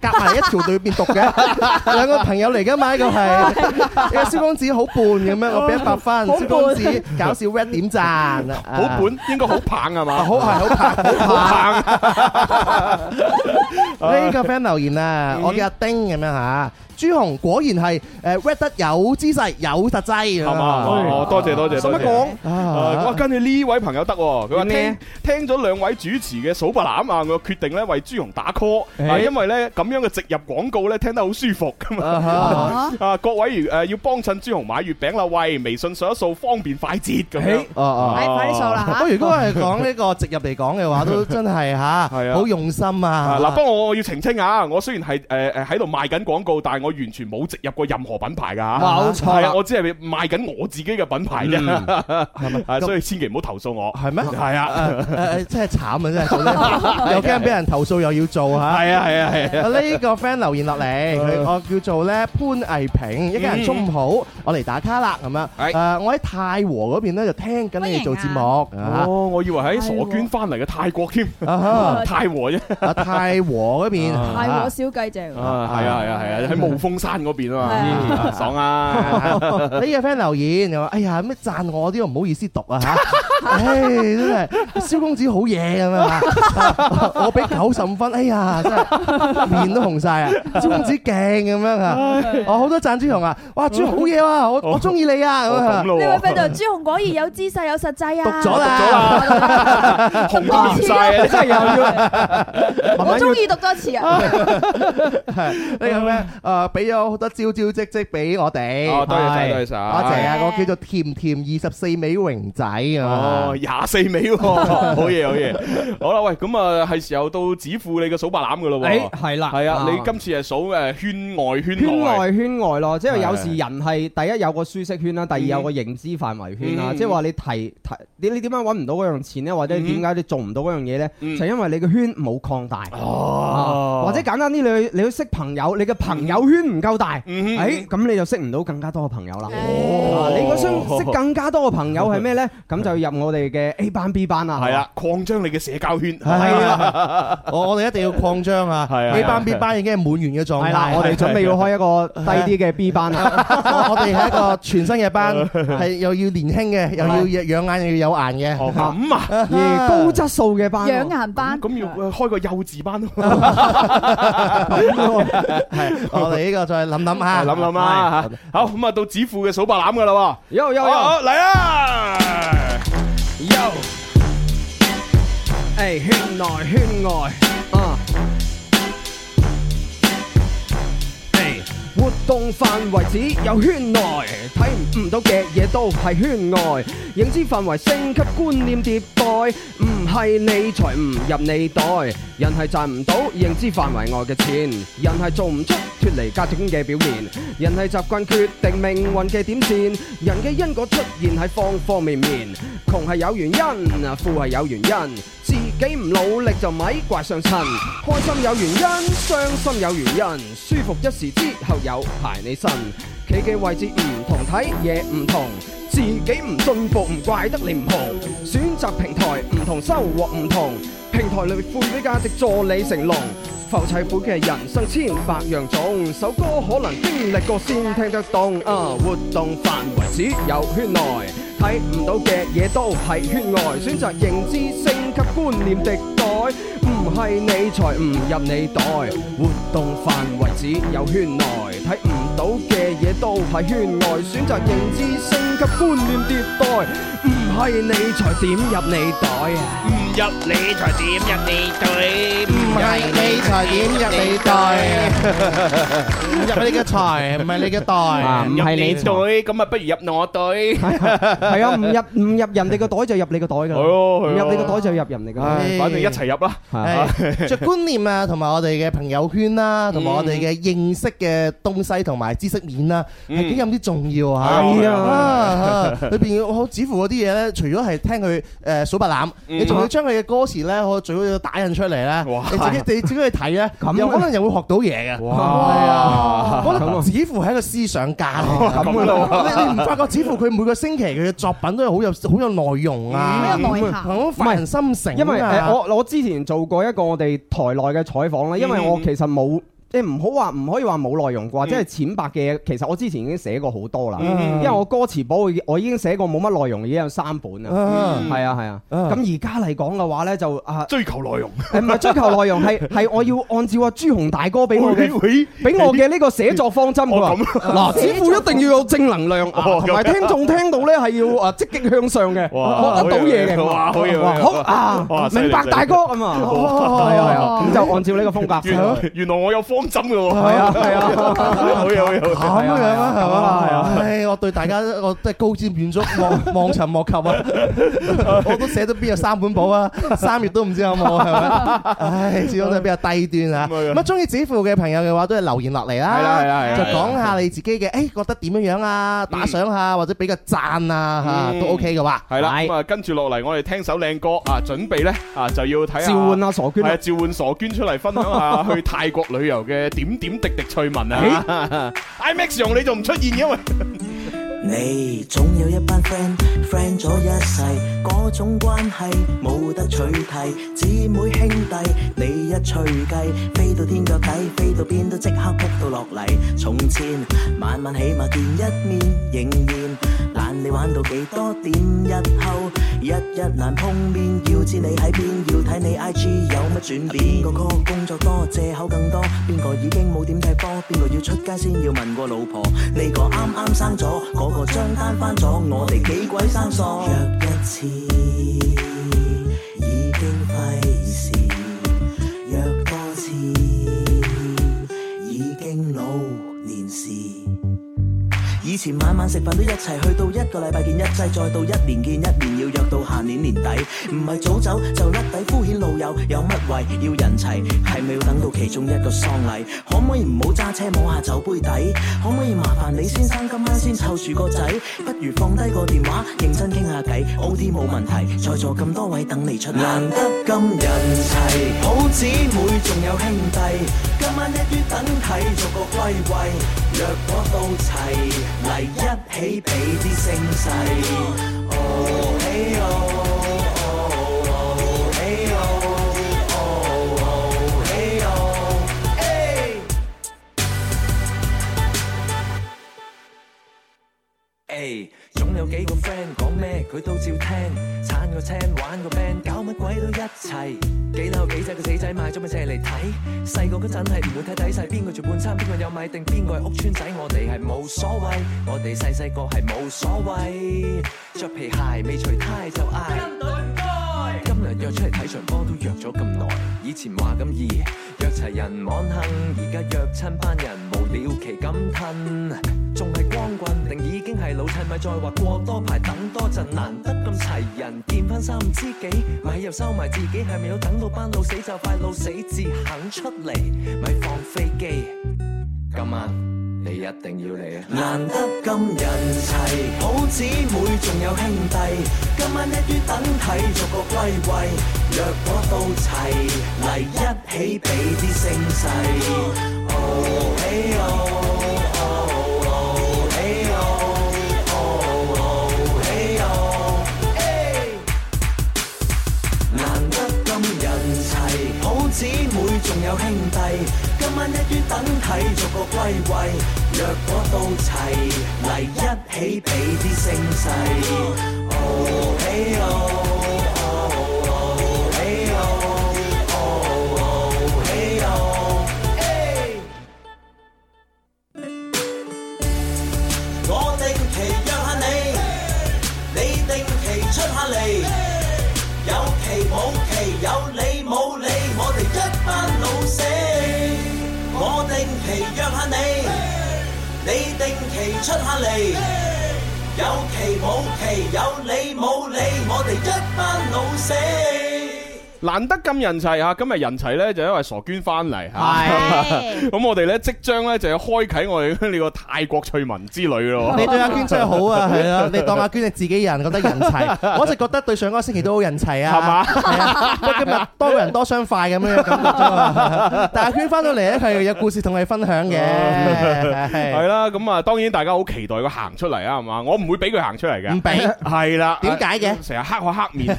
[SPEAKER 3] 隔埋一條對邊讀嘅兩個朋友嚟㗎，嘛呢個係。呢個蕭公子好笨咁樣，我俾一百分。蕭公子搞笑 red 點贊，好笨
[SPEAKER 2] 應該好棒啊嘛？好係好棒，好棒。呢 [LAUGHS] 個
[SPEAKER 3] friend 留言啊，嗯、我叫阿丁咁樣吓。朱紅果然係誒 rap 得有姿勢有實際，係嘛？多謝多謝。使乜講？
[SPEAKER 2] 跟住呢位朋友得，佢話聽聽咗兩位主持嘅數白欖啊，我決定咧為朱紅打 call，因為咧咁樣嘅植入廣告咧聽得好舒服咁嘛。啊，各位如誒，要幫襯朱紅買月餅啦，喂，微信掃一掃方便快捷咁樣，啊啊，快啲掃啦，如果係講呢個植入嚟講嘅話，都真
[SPEAKER 3] 係嚇，係啊，好用心啊！嗱，
[SPEAKER 2] 不過我要澄清嚇，我雖然係誒誒，喺度賣緊廣告，但係我完全冇植入過任何品牌噶，冇錯，係啊，我只係賣緊我自己嘅品牌啫，係咪？所以千祈唔好投訴我。係咩？係啊，真係慘啊！真係，又
[SPEAKER 3] 驚俾人投訴，又要做吓。係啊，係啊，係啊。呢個 friend 留言落嚟，佢我叫做咧潘毅平，一家人中午好，我嚟打卡啦，咁樣。誒，我喺泰和嗰邊咧
[SPEAKER 2] 就聽緊你做節目。哦，我以為喺傻娟翻嚟嘅泰國添，
[SPEAKER 3] 泰
[SPEAKER 2] 和啫，泰和嗰邊，泰和
[SPEAKER 4] 小雞正。係啊，係啊，
[SPEAKER 2] 係啊，喺鳳山嗰邊啊嘛，爽啊！呢個
[SPEAKER 3] friend 留言又話：哎呀，咩讚我啲？我唔好意思讀啊！唉，真係蕭公子好嘢咁樣啊！我俾九十五分，哎呀，真係面都紅晒啊！蕭公子勁咁樣啊！哦，好多讚朱紅啊！哇，朱紅好嘢哇！我我中意你啊！咁咯喎！呢位 friend
[SPEAKER 1] 朱紅果然有姿勢有實際啊！讀咗啦，讀
[SPEAKER 5] 咗啦，讀咗啦，讀咗
[SPEAKER 1] 啦，讀咗啦，讀咗讀咗啦，
[SPEAKER 3] 讀咗啦，讀咗俾咗好多招招積積俾我哋。哦，多謝晒，多謝晒。阿謝啊，個叫做甜甜二十四尾榮仔啊。哦，廿四尾好嘢，好嘢。
[SPEAKER 2] 好啦，喂，咁啊，係時候到指付你嘅數白欖噶咯喎。你係啦。係啊，你今次係數誒圈外圈。圈外圈
[SPEAKER 6] 外咯，即係有時人係第一有個舒適圈啦，第二有個認知範圍圈啦。即係話你提提你，你點解揾唔到嗰樣錢咧，或者點解你做唔到嗰樣嘢咧，就因為你個圈冇擴大。哦。或者簡單啲，你去你去識朋友，你嘅朋友圈。圈唔夠大，誒咁你就識唔到更加多嘅朋友啦。你個想識更加多嘅朋友係咩咧？咁就入我哋嘅 A 班 B 班啊。係啊，擴張你嘅社交圈。係啦，我哋一定要擴張啊。係啊，A 班 B 班已經係滿員嘅狀態。我哋準備要開一個
[SPEAKER 3] 低啲嘅 B 班啊。我哋係一個全新嘅班，係又要年輕嘅，又要養眼，又要有顏嘅。咁啊，而高質素嘅班
[SPEAKER 1] 養顏班，咁要
[SPEAKER 2] 開個幼稚班咯。係我哋。呢個再諗諗吓，諗諗啦吓。好，咁啊到子富嘅數白欖噶啦，喲喲，好嚟啦，喲，誒，圈內圈外，
[SPEAKER 6] 啊。活動範圍只有圈內，睇唔到嘅嘢都係圈外。認知範圍升級觀念迭代，唔係你財唔入你袋。人係賺唔到認知範圍外嘅錢，人係做唔出脫離價值觀嘅表現。人係習慣決定命運嘅點線，人嘅因果出現喺方方面面。窮係有原因，啊，富係有原因，自己唔努力就咪怪上天。開心有原因，傷心有原因，舒服一時之後。有排你身，企嘅位置唔同，睇嘢唔同，自己唔信服，唔怪得你唔紅。選擇平台唔同，收穫唔同，平台裏面賦予價值，助你成龍。浮世苦嘅人生千百樣種，首歌可能經歷過先聽得懂。啊，活動範圍只有圈內，睇唔到嘅嘢都係圈外，選擇認知、升級、觀念迭代，唔係你才唔入你袋。活動範圍只有圈內，睇唔到嘅嘢都係圈外，選擇認知、升級、觀念迭代，唔係你才點入你袋啊？唔入
[SPEAKER 9] 你才點入
[SPEAKER 6] 你
[SPEAKER 3] 袋？唔係你才點入你袋？
[SPEAKER 2] 唔入你嘅財，唔係你嘅袋，唔係你袋，咁啊不如入我袋。係啊，唔入
[SPEAKER 6] 唔入人哋嘅袋就入你嘅袋噶啦。唔入你嘅袋就入人哋嘅。
[SPEAKER 2] 反正一齊入啦。即係觀念
[SPEAKER 3] 啊，同埋我哋嘅朋友圈啦，同埋我哋嘅認識嘅東西同埋知識面啦，係幾咁之重要啊。係啊，裏邊好似乎嗰啲嘢咧。除咗係聽佢誒數白欖，嗯、你仲要將佢嘅歌詞咧，我最好要打印出嚟咧，哇你自己你自己去睇咧，有可能又會學到嘢嘅。哇！啊、哇我覺得似
[SPEAKER 6] 乎係一個思想家。咁你唔發覺
[SPEAKER 3] 似乎佢每個星期佢嘅作品都有好有
[SPEAKER 6] 好有內容啊，好發人心醒。因為、呃、我我之前做過一個我哋台內嘅採訪咧，因為我其實冇。你唔好話唔可以話冇內容啩，即係淺白嘅嘢。其實我之前已經寫過好多啦，因為我歌詞簿我已經寫過冇乜內容，已經有三本啦。係啊係啊。咁而家嚟講嘅話咧，就啊追求內容。唔係追求內容，係係我要按照阿朱紅大哥俾我嘅俾我嘅呢個寫作方針嗱，似乎一定要有正能量，同埋聽眾聽到咧係要啊積極向上嘅，學得到嘢嘅。好啊，明白大哥
[SPEAKER 2] 咁啊，係啊，
[SPEAKER 5] 咁就按
[SPEAKER 6] 照呢個風格。原
[SPEAKER 2] 來我有針嘅喎，係啊係啊，好嘢
[SPEAKER 5] 好嘢，咁樣啊，係嘛，係
[SPEAKER 3] 啊，唉，我對大家我真係高瞻遠矚，望望塵莫及啊，我都寫到邊啊三本簿啊，三月都唔知有冇，係咪？
[SPEAKER 5] 唉，
[SPEAKER 3] 始終都係比較低端啊，咁啊，中意指付嘅朋友嘅話，都係留言落嚟啦，係啦係啦，就講下你自己嘅，唉，覺得點樣樣啊？打賞下或者俾個讚啊，吓都 OK 嘅話，係
[SPEAKER 2] 啦，咁啊，跟住落嚟我哋聽首靚歌啊，準備咧啊，就要睇召喚阿傻娟，係啊，召喚傻娟出嚟分享下去泰國旅遊嘅。嘅點點滴滴趣聞啊、欸、
[SPEAKER 9] [LAUGHS] ！IMAX 用你仲唔出現？因為 [LAUGHS] 你總有一班 [LAUGHS] friend，friend 咗一世嗰種關係冇得取替，姊妹兄弟，你一隨計飛到天腳底，飛到邊都即刻撲到落嚟，從前晚晚起碼見一面，仍然。你玩到幾多點？日後日日難碰面，要知你喺邊，要睇你 IG 有乜轉變。邊個 call，工作多，借口更多。邊個已經冇點睇波，邊個要出街先要問個老婆。呢個啱啱生咗，嗰個張單翻咗，我哋幾鬼生疏。約一次。以前晚晚食飯都一齊去，到一個禮拜見一次，再到一年見一年，要約到下年年底。唔係早走就甩底，敷衍老友有乜謂？要人齊，係咪要等到其中一個喪禮？可唔可以唔好揸車摸下酒杯底？可唔可以麻煩李先生？先湊住個仔，不如放低個電話，認真傾下偈。OT 冇問題，在座咁多位等你出嚟。難得咁人齊，好姊妹仲有兄弟，今晚一於等睇逐個歸位。若果到齊嚟一起畀啲聲勢。Oh, hey, oh.
[SPEAKER 10] 幾個 friend 講咩佢都照聽，撐個 team，玩個 band，搞乜鬼都一齊。幾樓幾仔個死仔，仔買咗部借嚟睇，細個真係唔會睇睇晒，邊個做半餐，邊個有米定，邊個係屋村仔，我哋係冇所謂，我哋細細個係冇所謂。着皮鞋未除胎就嗌，跟
[SPEAKER 4] 隊
[SPEAKER 10] 唔今日約出嚟睇場波都約咗咁耐，以前話咁易，約齊人網幸。而家約親班人無了期咁吞。定已經係老襯，咪再話過多排等多陣，難得咁齊人見翻三五知己，咪又收埋自己，係咪要等到班老死就快老死至肯出嚟，咪放飛機？今晚你一定要嚟，
[SPEAKER 9] 難得咁人齊，好姊妹仲有兄弟，今晚一於等睇逐個歸位，若果到齊嚟一起俾啲聲勢。姊妹仲有兄弟，今晚一於等睇逐個歸位。若果到齊嚟一起俾啲聲勢，哦、oh, 嘿、hey oh. 出下嚟 Yeah.，有奇冇奇，有你冇你，我哋一班老死。
[SPEAKER 2] 難得咁人齊吓，今日人齊咧就因為傻娟翻嚟吓，咁是、 [LAUGHS] 嗯、我哋咧即將咧就要開啟我哋呢個泰國趣聞之旅咯。你對阿娟真係好啊，係啊， [LAUGHS] 你當阿
[SPEAKER 3] 娟係自己人，覺得人齊， [LAUGHS] 我一直覺得對上個星期都好人齊啊，係嘛嗎，今日多人多雙快咁樣咁咯。但係阿娟翻到嚟咧，佢係有故事同你分享嘅，
[SPEAKER 2] 係啦。咁啊， [LAUGHS] 當然大家好期待佢行出嚟啊，係嘛，我唔會俾佢行出嚟嘅，唔俾給，係啦 [LAUGHS] 麼，點解嘅？成日 [LAUGHS] 黑我黑面，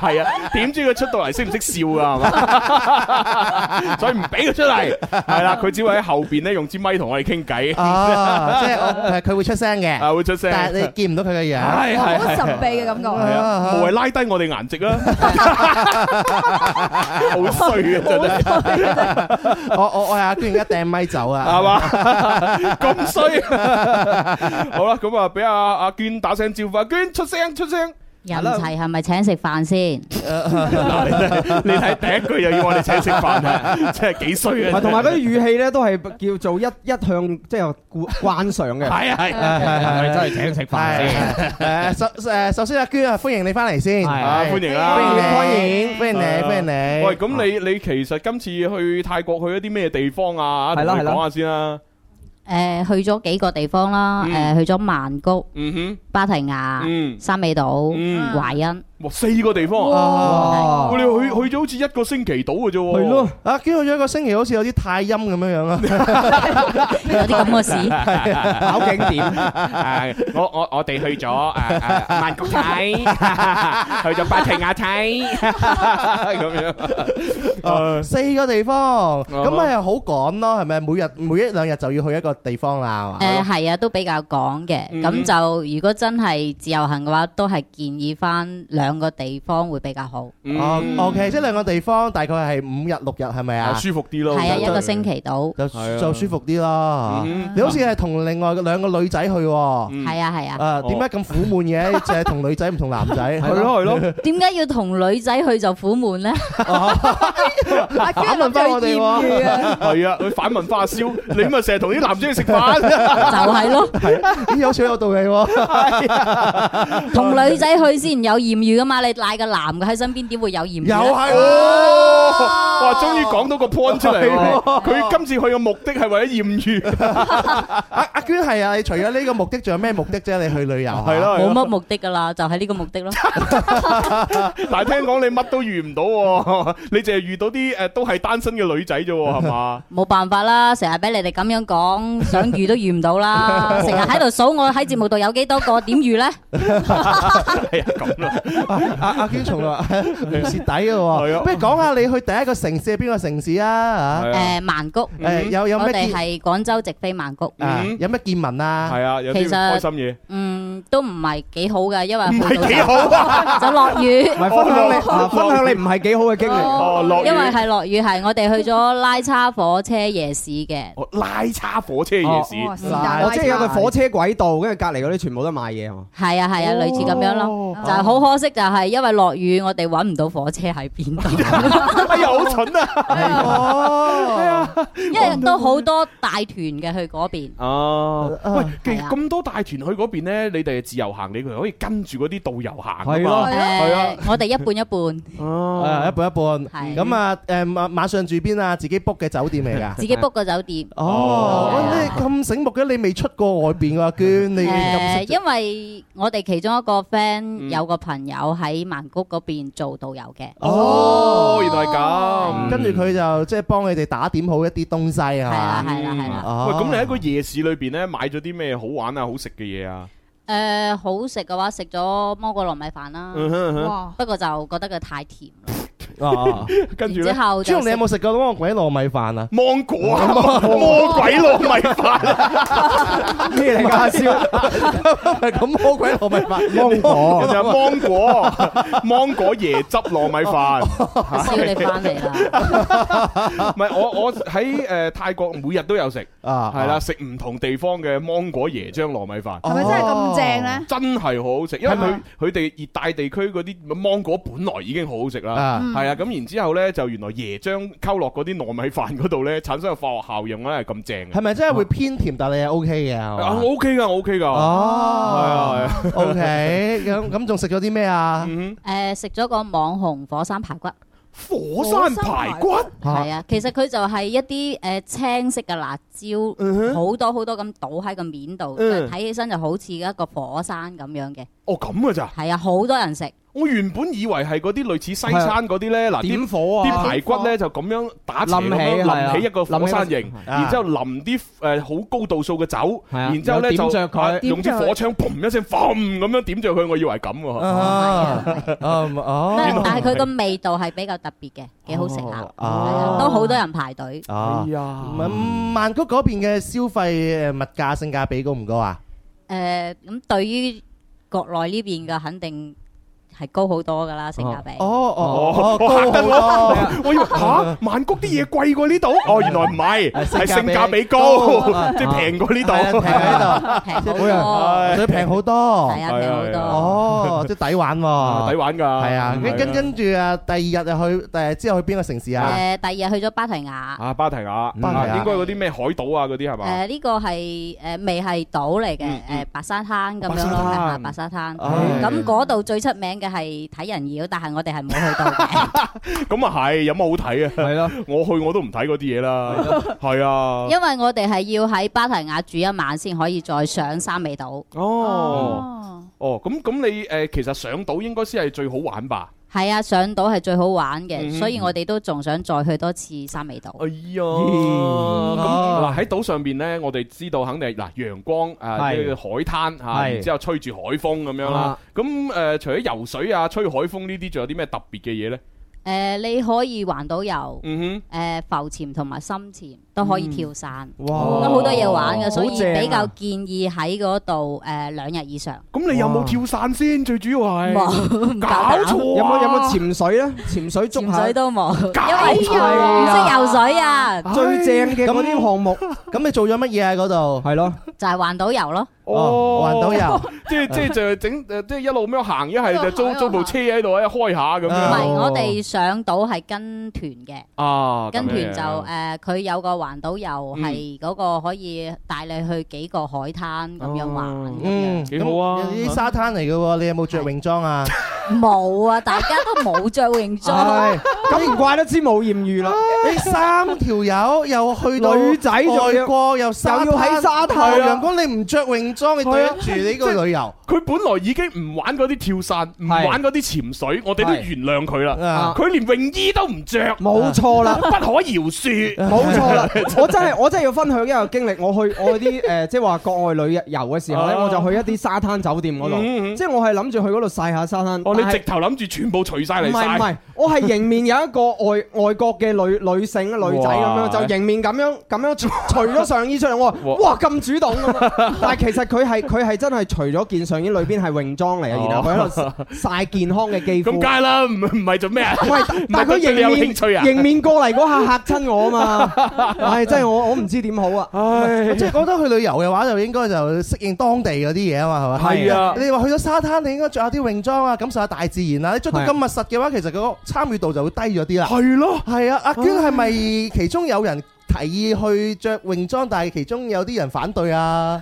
[SPEAKER 2] 係啊。點知佢出到嚟識唔識笑啊？係嘛，所以唔俾佢出嚟。係啦，佢只會喺後邊咧用支咪同我哋傾偈。啊，即係佢會出聲嘅，啊會出聲，但係你見唔到佢嘅
[SPEAKER 3] 樣，
[SPEAKER 4] 係
[SPEAKER 2] 係好神秘
[SPEAKER 7] 嘅感覺，係啊，無
[SPEAKER 2] 謂拉低我哋顏值啊。好衰啊！我我嗌阿娟一掟咪走啊，係嘛？咁衰，好啦，咁啊，俾阿阿娟打聲招呼，阿娟
[SPEAKER 7] 出聲出聲。人齊係咪請食飯先？
[SPEAKER 2] 你睇第一句又要我哋請食飯啊，真係幾衰啊！同埋嗰啲語
[SPEAKER 7] 氣咧都係叫做一一
[SPEAKER 6] 向即係慣常嘅。
[SPEAKER 2] 係啊，係係真係
[SPEAKER 10] 請食飯誒
[SPEAKER 3] 首誒首先阿娟啊，歡迎你翻嚟先。歡迎啦！歡迎歡迎你歡迎你。
[SPEAKER 2] 喂，咁你你其實今次去泰國去一啲咩地方啊？係咯係咯。講下先啦。
[SPEAKER 7] 誒、呃，去咗幾個地方啦，誒、嗯呃，去咗曼谷、芭、嗯、哼提雅、嗯、三美島、華、嗯啊、欣。
[SPEAKER 2] 四個地方，你去去咗好似一個星期到嘅啫。係咯，
[SPEAKER 3] 啊，經過咗一個星期好似有啲太陰咁樣樣啦，
[SPEAKER 2] 有啲咁嘅事，好經典。我我我哋去咗啊曼谷睇，去咗巴提亞睇，咁樣，
[SPEAKER 3] 四個地方，咁咪好趕咯，係咪？每日每一兩日就要去一個地方啦。誒，係
[SPEAKER 7] 啊，都比較趕嘅，咁就如果真係自由行嘅話，都係建議翻兩。兩個地方會比較好。嗯，OK，即
[SPEAKER 3] 係兩個地方大概係五日六日係咪啊？舒服啲咯。係啊，一個星期到就就舒服啲咯。你好似係同另外兩個女仔去。係啊係啊。啊，點解咁苦悶嘅？就係同女仔唔同男仔。係咯係咯。
[SPEAKER 7] 點解要同女仔去就苦悶咧？反問翻我哋。
[SPEAKER 2] 係啊，佢反問發燒，你咪成日同啲男仔去食飯。就係咯。
[SPEAKER 3] 係，有水有道理喎。
[SPEAKER 7] 同女仔去先有艷遇。嘛，你賴個男嘅喺身邊點會有嫌疑？
[SPEAKER 2] 哇！終於講到個 point 出嚟，佢今次去嘅目的係為咗豔遇。
[SPEAKER 3] 阿阿娟係啊，啊你除咗呢個目的，仲有咩目的啫？你去旅遊係、啊、咯，冇乜
[SPEAKER 7] 目的㗎啦，就係、係、呢個目的咯。 [LAUGHS] [LAUGHS] 但係聽講你乜都遇唔到、哦，你
[SPEAKER 2] 淨係遇到啲誒都係單身嘅女仔啫喎，係嘛？
[SPEAKER 7] 冇 [LAUGHS] 辦法啦，成日俾你哋咁樣講，想遇都遇唔到啦。成日喺度數我喺節目度有幾多個點遇咧？係啊，咁 [LAUGHS] [LAUGHS] stall 啊，阿阿娟從
[SPEAKER 5] 來唔
[SPEAKER 7] 蝕
[SPEAKER 3] 底嘅喎，不如講下你去第一個城。啊啊城市係邊個城市啊？誒、啊，
[SPEAKER 7] 曼、呃、谷，誒、嗯哼呃，有有咩？我哋係廣州直飛曼谷，嗯哼，有咩見聞啊？係啊，有啲、啊啊、開心嘢，嗯。都唔係幾好嘅，因為唔係幾好就落雨，分享你
[SPEAKER 6] 分享你唔係幾好嘅經歷，因為係
[SPEAKER 7] 落雨係。我哋去咗拉差火車夜市嘅，拉差火
[SPEAKER 6] 車夜市，即係有個火車軌道，跟住隔籬嗰啲全部都賣嘢，
[SPEAKER 7] 係啊係啊，類似咁樣咯。就係好可惜，就係因為落雨，我哋揾唔到火車喺邊度。哎呀，好蠢啊！係啊！因為都好多大團嘅去嗰邊
[SPEAKER 2] 哦。喂，咁多大團去嗰邊咧？你你哋自由行，你哋可以跟住嗰啲導遊行。係
[SPEAKER 5] 咯，係
[SPEAKER 7] 啊。我哋一半一半。哦，一半一半。係咁啊！
[SPEAKER 3] 誒，馬馬上住邊啊？自己 book 嘅酒店嚟噶？自己 book
[SPEAKER 7] 個酒店。哦，
[SPEAKER 3] 咁醒目嘅，你未出過外邊噶，娟你。誒，
[SPEAKER 7] 因為我哋其中一個 friend 有個朋友喺曼谷嗰邊做導遊嘅。哦，原來
[SPEAKER 12] 係
[SPEAKER 3] 咁。跟住佢就即係幫你哋打點好一啲東西啊。係啊，係啊，係啊。喂，咁你喺
[SPEAKER 2] 個夜市裏邊咧，買咗啲咩好玩啊、好食嘅嘢啊？
[SPEAKER 7] 誒、呃，好食嘅話食咗芒果糯米飯啦，哇，不過就覺得佢太甜。 [LAUGHS] 啊，跟
[SPEAKER 3] 住，之後，仲有你有冇食過嗰個魔鬼糯米飯啊？
[SPEAKER 7] 芒果啊，
[SPEAKER 3] 魔鬼糯米飯，咩
[SPEAKER 4] 嚟噶？
[SPEAKER 2] 咁魔鬼糯米飯，芒果，有芒果，芒果椰汁糯米飯，燒你翻嚟啦。唔係我我喺誒泰國每日都有食，係啦，食唔同地方嘅芒果椰漿糯米飯，係咪真係咁正咧？真係好好食，因為佢佢哋熱帶地區嗰啲芒果本來已經好好食啦。係啊，咁然之後咧，就原來椰漿溝落嗰啲糯米飯嗰度咧，產生嘅化學效應咧係咁正。係咪真係會
[SPEAKER 5] 偏
[SPEAKER 3] 甜？但係又 O K 嘅。啊
[SPEAKER 2] ，O K 噶，O K 噶。
[SPEAKER 3] 哦，係啊，O K。咁咁仲食咗啲咩啊？
[SPEAKER 7] 誒，食咗個網紅火山排骨。火山排骨？
[SPEAKER 3] 係
[SPEAKER 7] 啊，其實佢就係一啲誒青色嘅辣椒，好多好多咁倒喺個面度，睇起身就好似一個火山咁樣嘅。哦，咁嘅咋？係啊，好多人食。
[SPEAKER 2] 我原本以為係嗰啲類似西餐嗰啲咧，嗱，點火啊啲排骨咧就咁樣打起，咁淋起一個火山形，然之後淋啲誒好高度數嘅酒，然之後咧就用支火槍，砰一聲，咁樣點著佢。我以為
[SPEAKER 10] 咁啊，但係佢個
[SPEAKER 7] 味道係比較特別嘅，幾好食下，都好多人排隊。
[SPEAKER 3] 啊，咁曼谷嗰邊嘅消費物價性價比高唔高啊？
[SPEAKER 7] 誒咁，對於國內呢邊嘅肯定。係高好多噶啦，性
[SPEAKER 2] 價比。哦哦哦，高咯，我以為，吓？曼谷啲嘢貴過呢度？哦，原來唔係，係性價比高，即係平過呢度。平呢度平好多，所以平好多。係啊，平好多。哦，即係抵玩喎，抵玩㗎。係啊，跟跟
[SPEAKER 3] 住啊，第二日啊去誒之後去邊個城
[SPEAKER 2] 市
[SPEAKER 7] 啊？誒，第二日去咗巴提雅。
[SPEAKER 2] 啊，巴提雅，巴提雅應該嗰啲咩海島啊嗰啲係嘛？誒，
[SPEAKER 7] 呢個係誒未係島嚟嘅，誒白沙灘咁樣咯，係嘛？白沙灘。哦。咁嗰度最出名嘅係睇人妖，但係我哋係冇去到
[SPEAKER 2] 嘅。咁啊係，有乜好睇啊？係咯，我去我都唔睇嗰啲嘢啦。係啊，因
[SPEAKER 7] 為我哋係要喺芭提雅住一晚，先可以再上三味島。
[SPEAKER 2] 哦，哦，咁咁、哦、你誒、呃，其實上島應該先係最好玩吧？
[SPEAKER 7] 係啊，上島係最好玩嘅，嗯、喲所以我哋都仲想再去多次三美島。哎呀呦，
[SPEAKER 2] 咁嗱喺島上邊咧，我哋知道肯定係嗱陽光啊的、呃、海灘嚇，的然之後吹住海風咁的樣啦。咁誒、啊呃，除咗游水啊、吹海風呢啲，仲有啲咩特別嘅嘢咧？
[SPEAKER 7] 誒，你可以環島遊，誒、嗯哼呃、浮潛同埋深潛。都可以跳傘，哇，都好多嘢玩㗎，所以比較建議喺嗰度誒兩日以上。咁你有冇
[SPEAKER 6] 跳傘先？最主要係冇搞錯。有冇有冇潛水啊？潛水捉下。潛水都冇，因
[SPEAKER 7] 為唔識游水啊。最正嘅咁啲
[SPEAKER 6] 項目，咁你做咗乜嘢喺嗰度？係咯，
[SPEAKER 7] 就係環島遊咯。哦，環島遊，即係即係就係整誒，即係一路
[SPEAKER 2] 咁樣行，一係就租租部車喺度一開下咁樣。唔係，我哋
[SPEAKER 7] 上島係跟團
[SPEAKER 2] 嘅。哦，
[SPEAKER 3] 跟團就誒，
[SPEAKER 7] 佢有個。環島遊係嗰個可以帶你去幾個海灘咁樣玩咁
[SPEAKER 3] 樣，咁好啊！啲沙灘嚟嘅喎，你有冇着
[SPEAKER 6] 泳裝啊？
[SPEAKER 7] 冇啊！大家都冇着泳裝，
[SPEAKER 6] 咁唔怪得知冇豔遇啦！你
[SPEAKER 7] 三條友又去到女仔度過，又沙灘，又要喺
[SPEAKER 6] 沙灘。陽
[SPEAKER 2] 光，你唔着泳裝對得住呢個旅遊？佢本來已經唔玩嗰啲跳傘，唔玩嗰啲潛水，我哋都原諒佢啦。佢連泳衣都唔着，冇錯啦，不可饒恕，冇錯啦。我真係
[SPEAKER 6] 我真係要分享一個經歷，我去我啲誒，即係話國外旅遊嘅時候咧，我就去一啲沙灘酒店嗰度，即係我係諗住去嗰度曬下沙灘。哦，你直頭
[SPEAKER 2] 諗住全部除晒？你唔係唔係，
[SPEAKER 6] 我係迎面有一個外外國嘅女女性女仔咁樣，就迎面咁樣咁樣除咗上衣出嚟。我話，哇，咁主動。但係其實佢係佢係真係除咗件上衣，裏邊係泳裝嚟嘅。然後佢喺度曬健康嘅肌膚。咁梗
[SPEAKER 2] 啦，唔唔係做咩啊？唔係，但係佢迎面
[SPEAKER 6] 迎面過嚟嗰下嚇親我啊嘛。唉、 [NOISE] 哎，真係我我唔知點好啊！ [NOISE] 哎、即係覺
[SPEAKER 3] 得去旅遊嘅話，就應該就適應當地嗰啲嘢啊嘛，係嘛？係啊！你話去咗沙灘，你應該着下啲泳裝啊，感受下大自然啊！你着到咁密實嘅話，其實個參與度就會低咗啲啦。係咯、啊，係啊！阿娟係咪其中有人？提議去着泳裝，但係其中有啲人
[SPEAKER 6] 反對啊，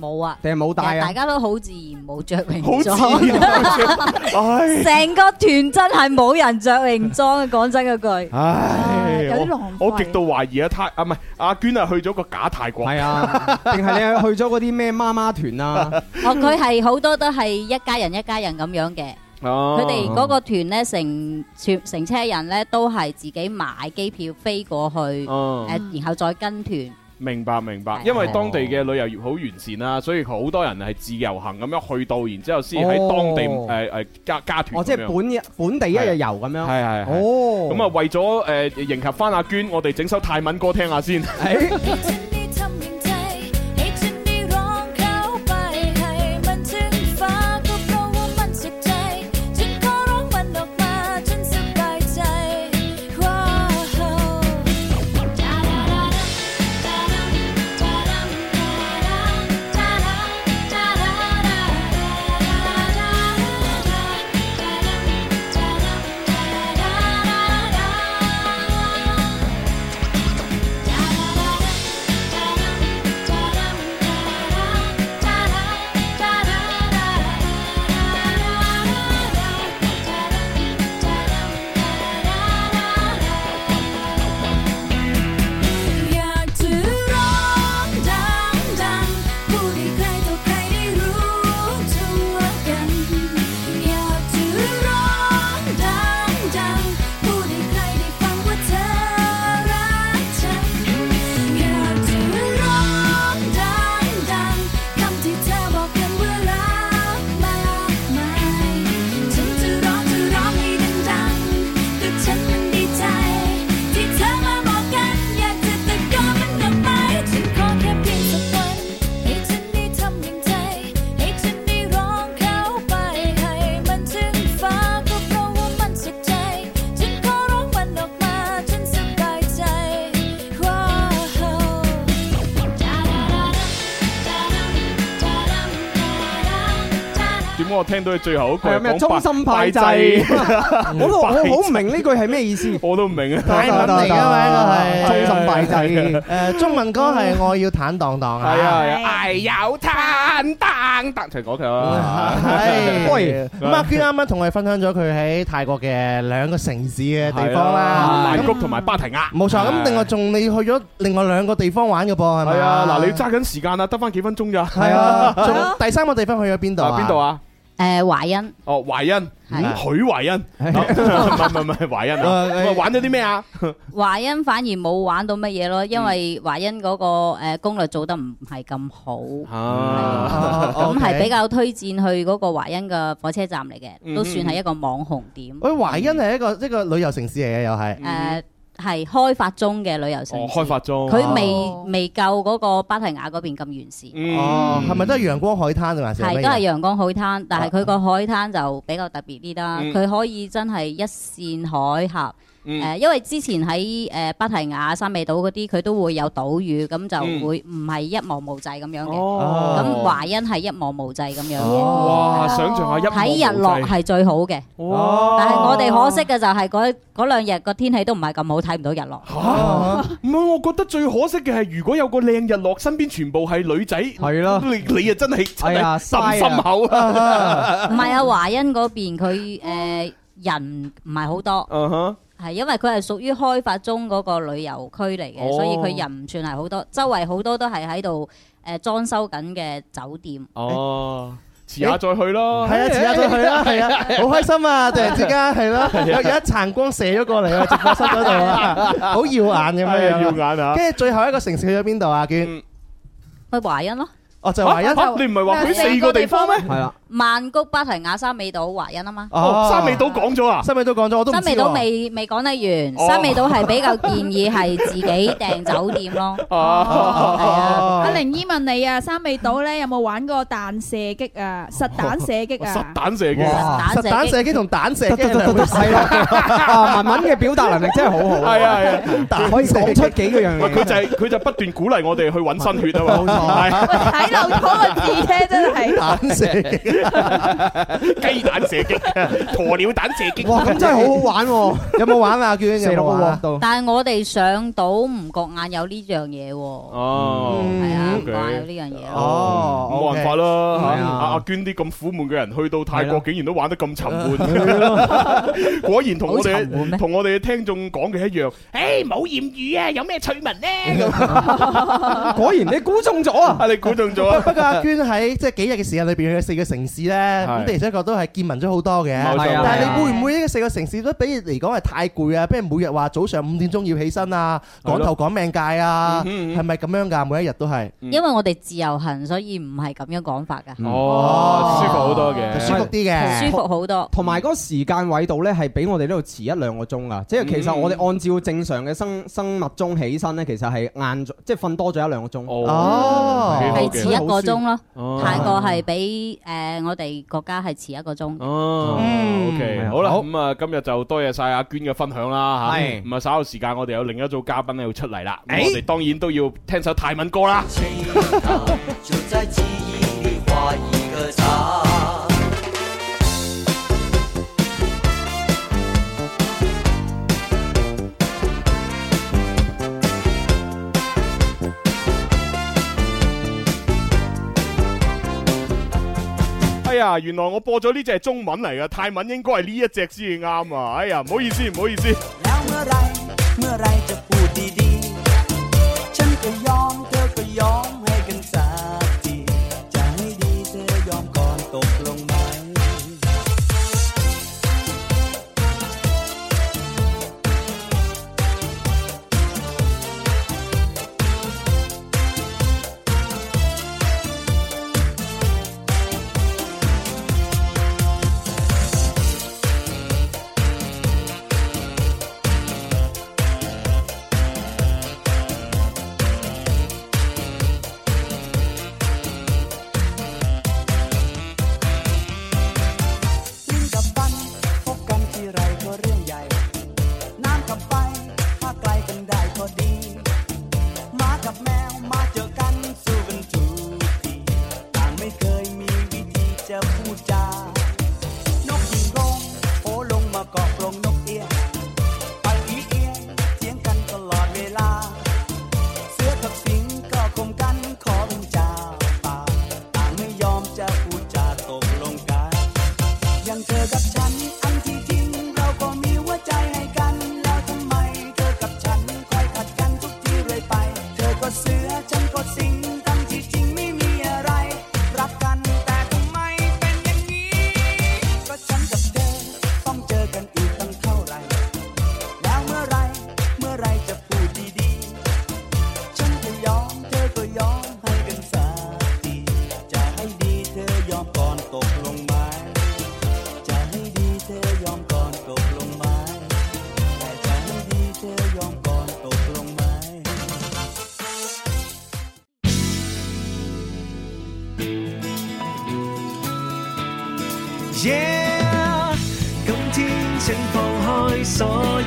[SPEAKER 7] 冇啊，
[SPEAKER 6] 定係冇帶
[SPEAKER 3] 啊？大家
[SPEAKER 7] 都好自然冇着泳裝，好自然。成 [LAUGHS] [LAUGHS] 個團真係冇人着泳裝，講 [LAUGHS] 真嗰句。唉，唉有啲
[SPEAKER 2] 狼、啊我。我極度懷疑阿泰啊，唔係、啊、阿娟啊，去咗個假泰國係 [LAUGHS] 啊，
[SPEAKER 7] 定係你去
[SPEAKER 2] 咗嗰啲咩媽媽團啊？
[SPEAKER 7] [LAUGHS] 哦，佢係好多都係一家人一家人咁樣嘅。佢哋嗰個團呢，成成成車人呢都係自己買機票飛過去，誒、哦呃，然後再跟團。
[SPEAKER 2] 明白明白，因為當地嘅旅遊業好完善啦，所以好多人係自由行咁樣去到，然之後先喺當地誒誒、哦呃、加加團、哦。即係本
[SPEAKER 6] 樣本地一日遊咁樣。係係。哦。咁啊，
[SPEAKER 2] 為咗誒迎合翻阿娟，我哋整首泰文歌聽下先。 [LAUGHS] [LAUGHS] 聽到佢最後一句咩中
[SPEAKER 6] 心派祭，我都話我好唔明呢句係咩意思？我都唔明啊！
[SPEAKER 4] 泰文嚟噶係忠心派祭。誒，
[SPEAKER 6] 中文歌係我要坦蕩蕩
[SPEAKER 3] 啊！係啊，
[SPEAKER 2] 係有坦蕩。但除嗰句啦，喂，咁啊，阿娟
[SPEAKER 3] 啱啱同我哋分享咗佢喺泰國嘅兩個城市嘅地方啦，曼
[SPEAKER 2] 谷同埋芭提雅。冇錯，咁另外
[SPEAKER 3] 仲你去咗另外兩個地方玩嘅噃？係咪啊？嗱，你揸
[SPEAKER 2] 緊時間啊，得翻幾分鐘咋？係啊，仲
[SPEAKER 3] 第三個地方去咗邊度啊？邊度啊？誒，華欣、呃，欣
[SPEAKER 2] 哦，華欣，係嗎，許華欣，唔唔唔，華欣、哦、 [LAUGHS] [LAUGHS] 啊，啊 [LAUGHS] 玩咗啲咩啊？
[SPEAKER 7] 華 [LAUGHS] 欣反而冇玩到乜嘢咯，因為華欣嗰個誒攻略做得唔係咁好，啊，咁係、啊、 [LAUGHS] 比較推薦去嗰個華欣嘅火車站嚟嘅，都算係一個網紅點。
[SPEAKER 3] 喂、嗯，華欣係一個一個，一個旅遊城市嚟嘅，又係誒。嗯呃
[SPEAKER 7] 係開發中嘅旅遊城，哦，開發
[SPEAKER 3] 中，佢未
[SPEAKER 7] 未夠嗰個芭提雅嗰邊咁完善。哦，係咪、嗯哦、
[SPEAKER 3] 都係陽光海灘啊？係，都係
[SPEAKER 7] 陽光海灘，但係佢個海灘就比較特別啲啦。佢可以真係一綫海峽。誒，因為之前喺誒芭提雅，三美島嗰啲，佢都會有島嶼，咁就會唔係一望無際咁樣嘅。咁華欣係一望無際咁樣嘅。哇！想象下一望無際睇日落係最好嘅。哇！但係我哋可惜嘅就係嗰嗰兩日個天氣都唔係咁好，睇唔到日落。吓，
[SPEAKER 2] 唔係，我覺得最可惜嘅係，如果有個靚日落，身邊全部係女仔，係咯，你你啊真係真係心心口。唔
[SPEAKER 7] 係啊，華欣嗰邊佢誒人唔係好多。嗯哼。係，因為佢係屬於開發中嗰個旅遊區嚟嘅，哦、所以佢人唔算係好多，周圍好多都係喺度誒裝修緊嘅酒店。哦，
[SPEAKER 2] 遲下再去咯。
[SPEAKER 3] 係啊，遲
[SPEAKER 7] 下再去啦，係啊、哎，好開
[SPEAKER 3] 心啊！突 [LAUGHS] 然之間係咯，有一層光射咗過嚟啊，直播室嗰度啊，好耀眼嘅咩？耀眼啊！跟住最後一個城市去咗邊度啊？娟、
[SPEAKER 7] 嗯、去華欣咯。
[SPEAKER 3] 哦、啊，就華欣你唔係話佢四個地方咩？係啦。
[SPEAKER 7] 曼谷、芭提雅、沙美島、華欣啊嘛，沙美島講咗啊，沙美島講咗我都唔知啊。沙美島未未講得完，沙美島係比較建議係自己訂酒店咯。哦，係啊，阿玲姨問你啊，沙美島咧，有冇玩過彈射擊啊？實彈射擊啊？實
[SPEAKER 2] 彈射
[SPEAKER 6] 擊，實
[SPEAKER 3] 彈射擊同彈射擊係啊！
[SPEAKER 2] 文文嘅表達能力真係好好，係啊係啊，可以講出幾個樣嘢，佢就係佢就不斷鼓勵我哋去揾新血啊嘛。冇錯，睇漏咗個字咧，真係彈射擊。雞蛋射擊啊，鴕鳥蛋射擊，哇，咁真係好
[SPEAKER 3] 好玩，有冇玩啊，阿娟有冇玩
[SPEAKER 2] 啊？
[SPEAKER 7] 但係我哋上島唔覺眼有呢樣嘢喎。
[SPEAKER 2] 哦，係啊，唔覺有呢樣嘢咯。哦，冇辦法啦，吓，阿阿娟啲咁苦悶嘅人去到泰國竟然都玩得咁沉悶，果然同我哋同我哋聽眾講嘅一樣。
[SPEAKER 4] 誒，冇艷遇啊，有咩趣聞呢？
[SPEAKER 2] 果然你估中咗啊！你估中咗啊？不過阿娟
[SPEAKER 3] 喺即係幾日嘅時間裏邊有四個城。城市咧，咁，地產局都係見聞咗好多嘅。但係你會唔會呢個四個城市都比嚟講係太攰啊？比如每日話早上五點鐘要起身啊，趕頭趕命界啊，係咪咁樣㗎？每一日都係
[SPEAKER 7] 因為我哋自由行，所以唔係咁樣講法㗎。哦，
[SPEAKER 4] 舒服好多嘅，舒服啲嘅，
[SPEAKER 7] 舒服好多。同
[SPEAKER 6] 埋嗰個時間位度咧，係比我哋呢度遲一兩個鐘啊。即係其實我哋按照正常嘅生生物鐘起身咧，其實係晏即係瞓多咗一兩個鐘。哦，
[SPEAKER 5] 係遲
[SPEAKER 7] 一個鐘咯。哦，泰國係比誒。我哋國家係遲一個鐘。哦，OK，好啦，
[SPEAKER 2] 咁啊好、嗯，今日就多謝晒阿娟嘅分享啦，吓的，唔係、嗯、稍後時間我哋有另一組嘉賓咧要出嚟啦。欸嗯、我哋當然都要聽首泰文歌啦。淡 [LAUGHS] 哎呀，原來我播咗呢隻係中文嚟㗎，泰文應該係呢一隻先啱啊！哎呀，唔好意思，
[SPEAKER 9] 唔好意
[SPEAKER 4] 思。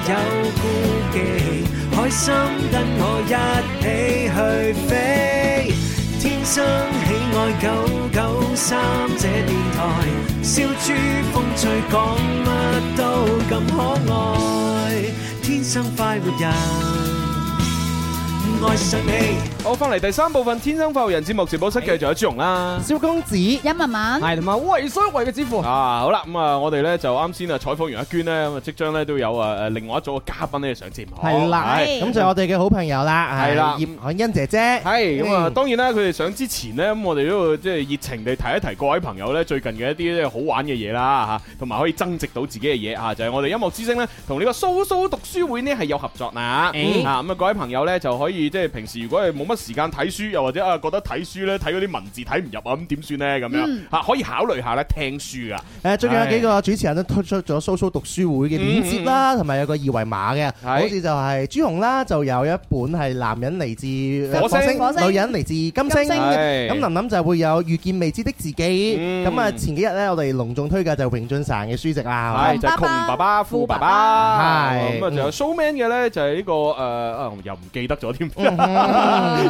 [SPEAKER 10] 有顧忌，
[SPEAKER 9] 開心跟我一起去飛。天生喜愛九九三這電台，笑豬
[SPEAKER 10] 風趣講乜都咁可愛，天生快活
[SPEAKER 1] 人，
[SPEAKER 10] 愛上你。
[SPEAKER 2] 我翻嚟第三部分《天生發育人》節目直播室繼續有朱紅啦、小
[SPEAKER 1] 公子、尹文文，係同埋維修
[SPEAKER 2] 維嘅支付。啊，好啦，咁啊，我哋咧就啱先啊採訪完阿娟呢，咁啊，即將咧都有啊誒另外一組嘅嘉賓咧上節目。係啦，咁就我哋
[SPEAKER 3] 嘅好朋友啦。係啦，葉海茵姐姐。係咁啊，
[SPEAKER 2] 當然啦，佢哋上之前呢，咁我哋都即係熱情地提一提各位朋友咧最近嘅一啲好玩嘅嘢啦嚇，同埋可以增值到自己嘅嘢嚇，就係我哋音樂之星咧同呢個蘇蘇讀書會呢係有合作嗱。啊咁啊，各位朋友咧就可以即係平時如果係冇乜時間睇書，又或者啊覺得睇書咧睇嗰啲文字睇唔入啊，咁點算呢？咁樣吓可以考慮下咧聽書噶誒最近有幾
[SPEAKER 3] 個主持人都推出咗蘇蘇讀書會嘅鏈接啦，同埋有個二維碼嘅，好似就係朱紅啦，就有一本係男人嚟自火星、女人嚟自金星，咁林林就會有遇見未知的自己。咁啊前幾日咧我哋隆重推介就榮俊
[SPEAKER 2] 成嘅書籍啦，就窮爸爸富爸爸，係咁啊仲有 showman 嘅咧就係呢個誒又唔記得咗添。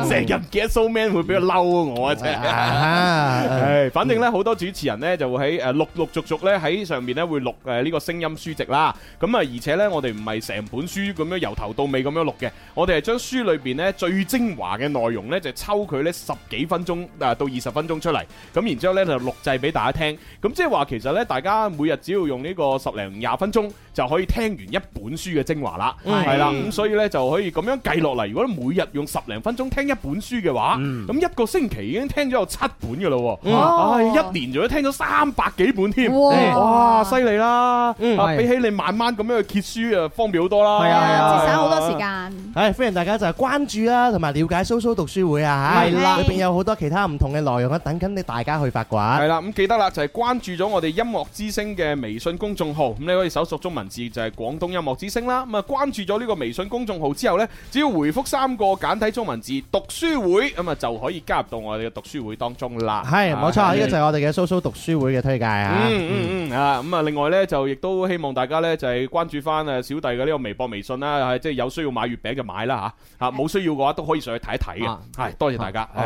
[SPEAKER 2] 成日 get so man 會俾佢嬲我啊！真係，反正咧好多主持人咧就會喺誒錄錄續續咧喺上面咧會錄誒呢個聲音書籍啦。咁啊，而且咧我哋唔係成本書咁樣由頭到尾咁樣錄嘅，我哋係將書裏邊咧最精華嘅內容咧就抽佢咧十幾分鐘啊到二十分鐘出嚟。咁然之後咧就錄製俾大家聽。咁即係話其實咧大家每日只要用呢個十零廿分鐘就可以聽完一本書嘅精華啦，係是啦。咁所以咧就可以咁樣計落嚟。如果每日用十零分鐘。聽一本書嘅話，咁一個星期已經聽咗有七本㗎咯。唉，一年仲要聽咗三百幾本添，哇，犀利啦！比起你慢慢咁樣去揭書啊，方便好多啦，係啊，節省好多時間。
[SPEAKER 3] 係歡迎大家就係關注啦，同埋了解蘇蘇讀書會啊，係啦，裏邊有好多其他唔同嘅內容啊，等緊你大家去發掘。係
[SPEAKER 2] 啦，咁記得啦，就係關注咗我哋音樂之聲嘅微信公眾號，咁你可以搜索中文字就係廣東音樂之聲啦。咁啊，關注咗呢個微信公眾號之後呢，只要回復三個簡體中文字，讀書會，咁啊就可以加入到我哋嘅讀書會當中啦。係冇錯，呢個就係
[SPEAKER 3] 我哋嘅蘇蘇讀書會嘅推介
[SPEAKER 2] 吓。嗯嗯啊，咁啊，另外咧就亦都希望大家咧就係關注翻誒小弟嘅呢個微博微信啦，即係有需要買月餅就買啦吓吓，冇需要嘅話都可以上去睇一睇嘅。係多謝大家。係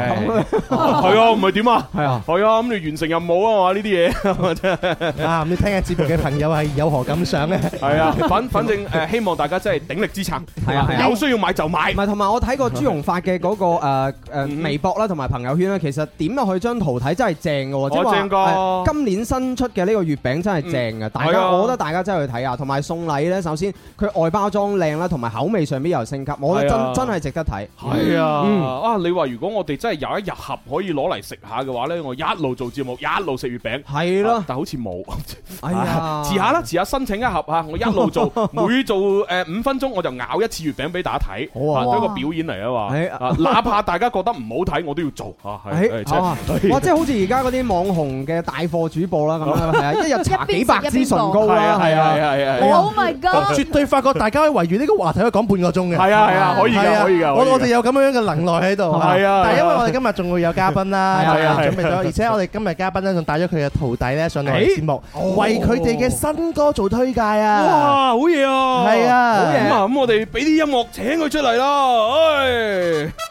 [SPEAKER 2] 啊，唔係點啊？係啊，係啊，咁你完成任務啊嘛？呢啲嘢啊，你聽
[SPEAKER 3] 下
[SPEAKER 6] 節目嘅朋友係有何感想咧？
[SPEAKER 2] 係啊，反反正誒，希望大家真係鼎力支撐。係啊，有
[SPEAKER 6] 需要買就買。唔係同埋我睇過朱榮發嘅嗰個誒微博啦，同埋朋友圈咧，其實點落去張圖睇真係正嘅喎，即係話今年新出嘅呢個月餅真係正嘅。大家，我覺得大家真係去睇下，同埋送禮呢。首先佢外包裝靚啦，同埋口味上邊又升級，我覺得真真係值得睇。係啊，
[SPEAKER 2] 啊你話如果我哋真係有一日盒可以攞嚟食下嘅話呢，我一路做節目，一路食月餅。係咯，但好似冇。係啊，遲下啦，遲下申請一盒嚇，我一路做，每做誒五分鐘我就咬一次月餅俾大家睇，一個表演嚟啊嘛。哪怕大家覺得唔好睇，我都要做嚇。係啊，哇！即
[SPEAKER 6] 係好似而家嗰啲網紅嘅帶貨主播啦咁樣，係啊，一日搽幾百支唇膏啊，係啊，係啊，係啊！Oh my god！我絕對發覺大家可以圍住呢個話題可以講半個
[SPEAKER 3] 鐘嘅。係啊，係啊，可以㗎，可以㗎。我我哋有咁樣嘅能耐喺度。係啊，但係因為我哋今日仲會有嘉賓啦，準備咗，而且我哋今日嘉賓咧仲帶咗佢嘅徒弟咧上嚟節目，為佢哋嘅新歌做推介啊！哇，好嘢啊！係啊，咁啊，
[SPEAKER 2] 咁我哋俾啲音樂請佢出嚟啦，唉。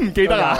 [SPEAKER 11] 唔記得啦，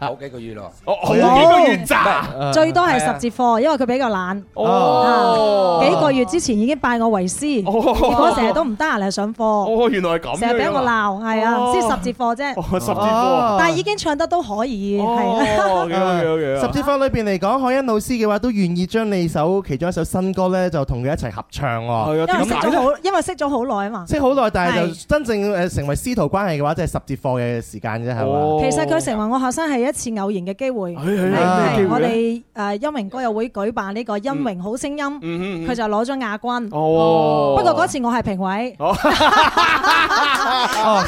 [SPEAKER 11] 好幾個月咯，好幾個月咋？最多係十節
[SPEAKER 8] 課，因為佢比較懶。哦，幾個月之前已經拜我為師，結果成日都唔得閒嚟上課。哦，原來係咁，成日俾我鬧，係啊，先十節課啫。十節課，但係已經唱得都可以。哦，幾好幾好幾
[SPEAKER 5] 好。
[SPEAKER 3] 十十節課裏邊嚟講，海茵老師嘅話都願意將你首其中一首新歌咧，就同佢一齊合唱喎。係啊，因為識咗好，
[SPEAKER 8] 因為識咗好耐啊嘛。識好耐，但係就
[SPEAKER 3] 真正誒成為師徒關係嘅話，即係十節課嘅時間啫，
[SPEAKER 4] 係嘛？其實佢成
[SPEAKER 8] 為我學生係一次偶然嘅機會，係係啦，我哋誒音榮歌友會舉辦呢個音榮好聲音，佢就攞咗亞軍。哦，
[SPEAKER 4] 不過嗰次我係評委。
[SPEAKER 8] 哦，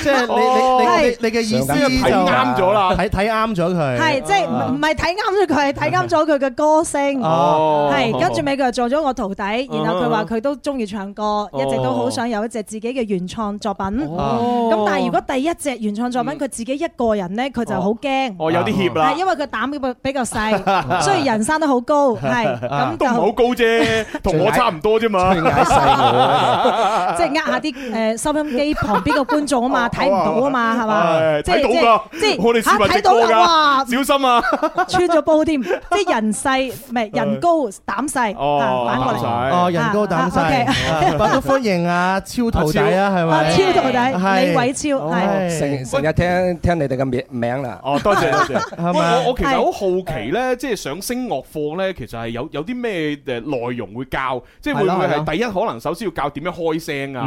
[SPEAKER 8] 即係你你你你你嘅意思就啱咗啦，
[SPEAKER 3] 睇睇啱咗佢。係，即係
[SPEAKER 8] 唔係睇啱咗佢，睇啱咗佢嘅歌聲。哦，係跟住尾佢就做咗我徒弟，然後佢話佢都中意唱歌，一直都好想有一隻自己嘅原創作品。哦，咁但係如果第一隻原創作品佢自己一個人。咧佢就好驚，哦有啲怯啦，因為佢膽嘅個比較細，雖然人生得好高，係
[SPEAKER 2] 咁都唔好高啫，同我差唔多啫嘛，
[SPEAKER 8] 即係呃下啲誒收音機旁邊嘅觀眾啊嘛，睇唔到啊嘛，係嘛，睇到噶，吓，睇到哇，小心啊，穿咗煲添，即係人細唔係人高膽細，哦，反過嚟，人高膽細，歡迎
[SPEAKER 3] 阿
[SPEAKER 11] 超徒弟啊，係咪？超徒弟，李偉超，係成成日聽聽你哋咁。名啦，哦，多謝多謝。 [LAUGHS] 我我，我其實好
[SPEAKER 2] 好奇咧，是即係上聲樂課咧，其實係有有啲咩誒內容會教，即係會唔會係第一可能首先要教點樣開聲啊？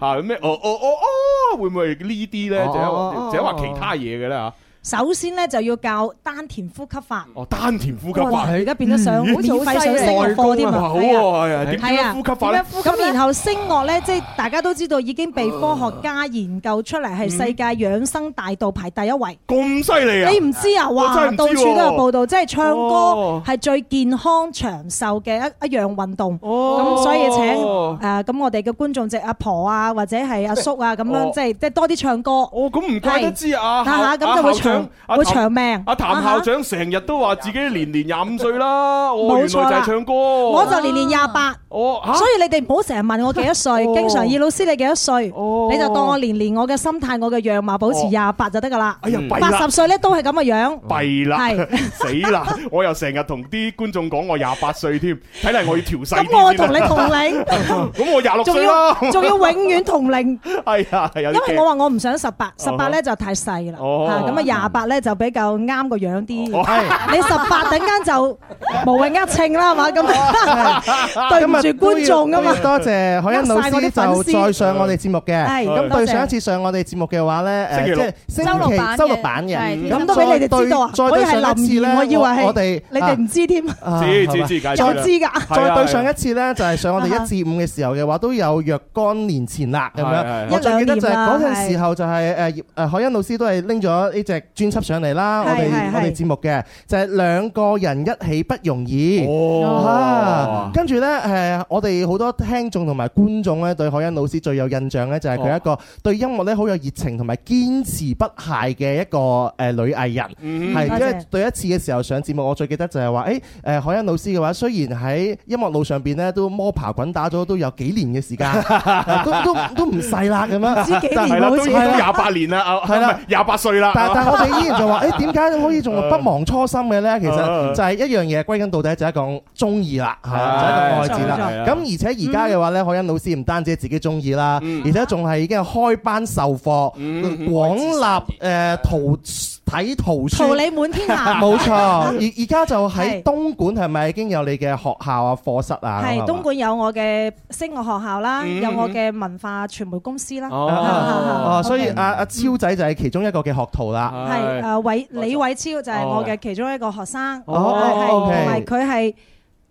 [SPEAKER 2] 吓咩、嗯？哦哦哦哦，哦哦會唔會係呢啲咧？就係、哦、即係話其他嘢嘅咧吓？哦哦哦
[SPEAKER 8] 首先咧就要教丹田呼吸法。哦，丹田呼吸法，而家變得上好消費上升嘅課啲喎，好喎，係啊，點樣呼吸法咧？咁然後聲樂咧，即係大家都知道已經被科學家研究出嚟係世界養生大道排第一位。咁犀利啊！你唔知啊？哇，到處都有報道，即係唱歌係最健康長壽嘅一一樣運動。咁所以請誒咁我哋嘅觀眾，即阿婆啊，或者係阿叔啊，咁樣，即係即係多啲唱歌。哦，咁唔怪得知啊！嚇咁就會唱。會長命。
[SPEAKER 2] 阿譚校長成日都話自己年年廿五歲啦，我原來就係唱歌。
[SPEAKER 8] 我就年年廿八。哦，所以你哋唔好成日問我幾多歲，經常葉老師你幾多歲？你就當我年年我嘅心態，我嘅樣貌保持廿八就得噶啦。哎呀，弊啦。八十歲咧都係咁嘅樣。
[SPEAKER 2] 弊啦，死啦！我又成日同啲觀眾講，我廿八歲添，睇嚟我要調細啲先啦。咁我同你同齡，咁我廿六歲咯，仲要
[SPEAKER 8] 永遠同齡。哎呀，係有啲驚。因為我話我唔想十八，十八咧就太細啦。哦，咁啊廿。八八咧就比較啱個樣啲，你十八頂間就無影一稱啦，係嘛咁？對
[SPEAKER 3] 住觀眾啊嘛！多謝海茵老師就再上我哋節目嘅。係咁對上一次上我哋節目嘅話咧，誒即係星期六週六版嘅。係咁都俾你哋知道啊！我哋係林燕，我以為係你哋唔知添。知、知、知，解説又知㗎。再對上一次咧，就係上我哋一至五嘅時候嘅話，都有若干年前啦，咁樣一兩年啦。最記得就係嗰陣時候就係誒誒海茵老師都係拎咗呢隻。專輯上嚟啦，我哋我哋節目嘅就係兩個人一起不容易。跟住呢，誒，我哋好多聽眾同埋觀眾咧，對海茵老師最有印象呢，就係佢一個對音樂咧好有熱情同埋堅持不懈嘅一個誒女藝人。嗯，係。因為對一次嘅時候上節目，我最記得就係話誒誒，海茵老師嘅話，雖然喺音樂路上邊咧都摸爬滾打咗都有幾年嘅時間，都都唔細啦咁啊，唔知幾年都廿八
[SPEAKER 2] 年啦，係啦，廿八歲啦。但係你依然就話，誒點解
[SPEAKER 3] 可以仲不忘初心嘅咧？嗯、其實就係一樣嘢，嗯、歸根到底就係講中意啦，係對對就係講愛字啦。咁像而且而家嘅話咧，嗯、海茵老師唔單止自己中意啦，嗯、而且仲係已經開班授課，嗯、廣立納誒、嗯呃、圖。嗯嗯睇圖書，桃李滿天下。冇錯，而而家就喺東莞，係咪已經有你嘅學校啊、課室啊？係東
[SPEAKER 8] 莞有我嘅聲樂學校啦，有我嘅文化傳媒公司啦。哦，所以阿
[SPEAKER 3] 阿超仔就係其中一個嘅學徒啦。係，誒
[SPEAKER 8] 偉李偉超就係我嘅其中一個學生。哦，係，同埋佢係。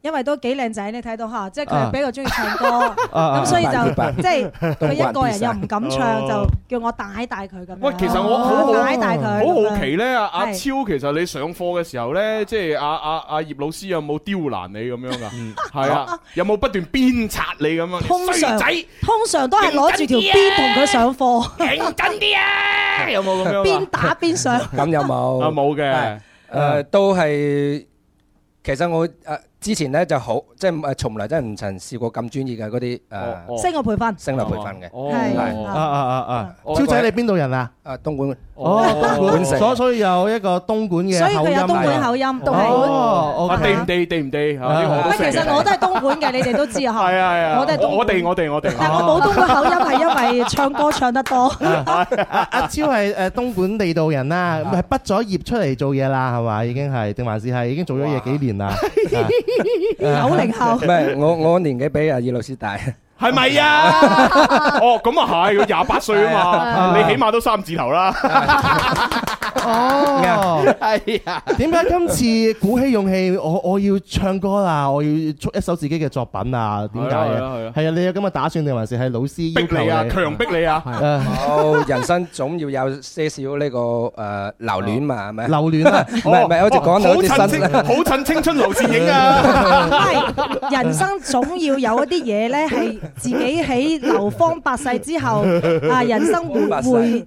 [SPEAKER 8] 因為都幾靚仔，你睇到哈，即係佢比較中意唱歌，咁所以就即係佢一個人又唔敢唱，就叫我帶帶佢咁樣。我其實我好好帶帶佢好
[SPEAKER 2] 好奇咧，阿超，其實你上課嘅時候咧，即係阿阿阿葉老師有冇刁難你咁樣噶？係啊，有冇不斷鞭策你咁樣？通常仔
[SPEAKER 12] 通常都係攞住條鞭同佢上課，緊啲啊！有冇咁樣？邊打邊
[SPEAKER 11] 上？咁有冇？啊冇嘅，誒都係，其實我誒。之前咧就好，即係從來真係唔曾試過咁專業嘅嗰啲誒。聲樂培訓，聲樂培訓嘅。係啊啊啊啊！超仔你邊度人啊？誒東莞嘅。東莞。
[SPEAKER 3] 所所以有一個東莞嘅口音啦。所以佢有東莞口
[SPEAKER 8] 音。東莞。哦，O K。地唔地？地
[SPEAKER 3] 唔地？啲口音。
[SPEAKER 8] 唔係，其實我都係東莞嘅，你哋都知啊。係啊係啊。我哋，我哋，我哋。但係我冇東莞口音係因為唱歌唱得多。
[SPEAKER 3] 阿超係誒東莞地道人啦，係畢咗業出嚟做嘢啦，係嘛已經係，定還是係已經做咗嘢幾年啦？
[SPEAKER 4] 九零後，唔係
[SPEAKER 11] 我我年紀比阿葉老師大。 [LAUGHS] 係咪啊？哦，咁啊
[SPEAKER 2] 係，要廿八歲啊嘛，你起碼都三字頭啦。
[SPEAKER 5] 哦，係
[SPEAKER 3] 啊。點解今次鼓起勇氣，我我要唱歌啊，我要出一首自己嘅作品啊？點解嘅？係啊，你有咁嘅打算定還是係老師要求你？逼你啊，強
[SPEAKER 11] 逼你啊。好，人生總要有些少呢個誒留戀嘛，係咪？留戀啊，唔係唔係，我哋講到啲新。好趁青春留倩影啊！唔係，
[SPEAKER 8] 人生總要有一啲嘢咧係。自己喺流芳百世之後啊，人生回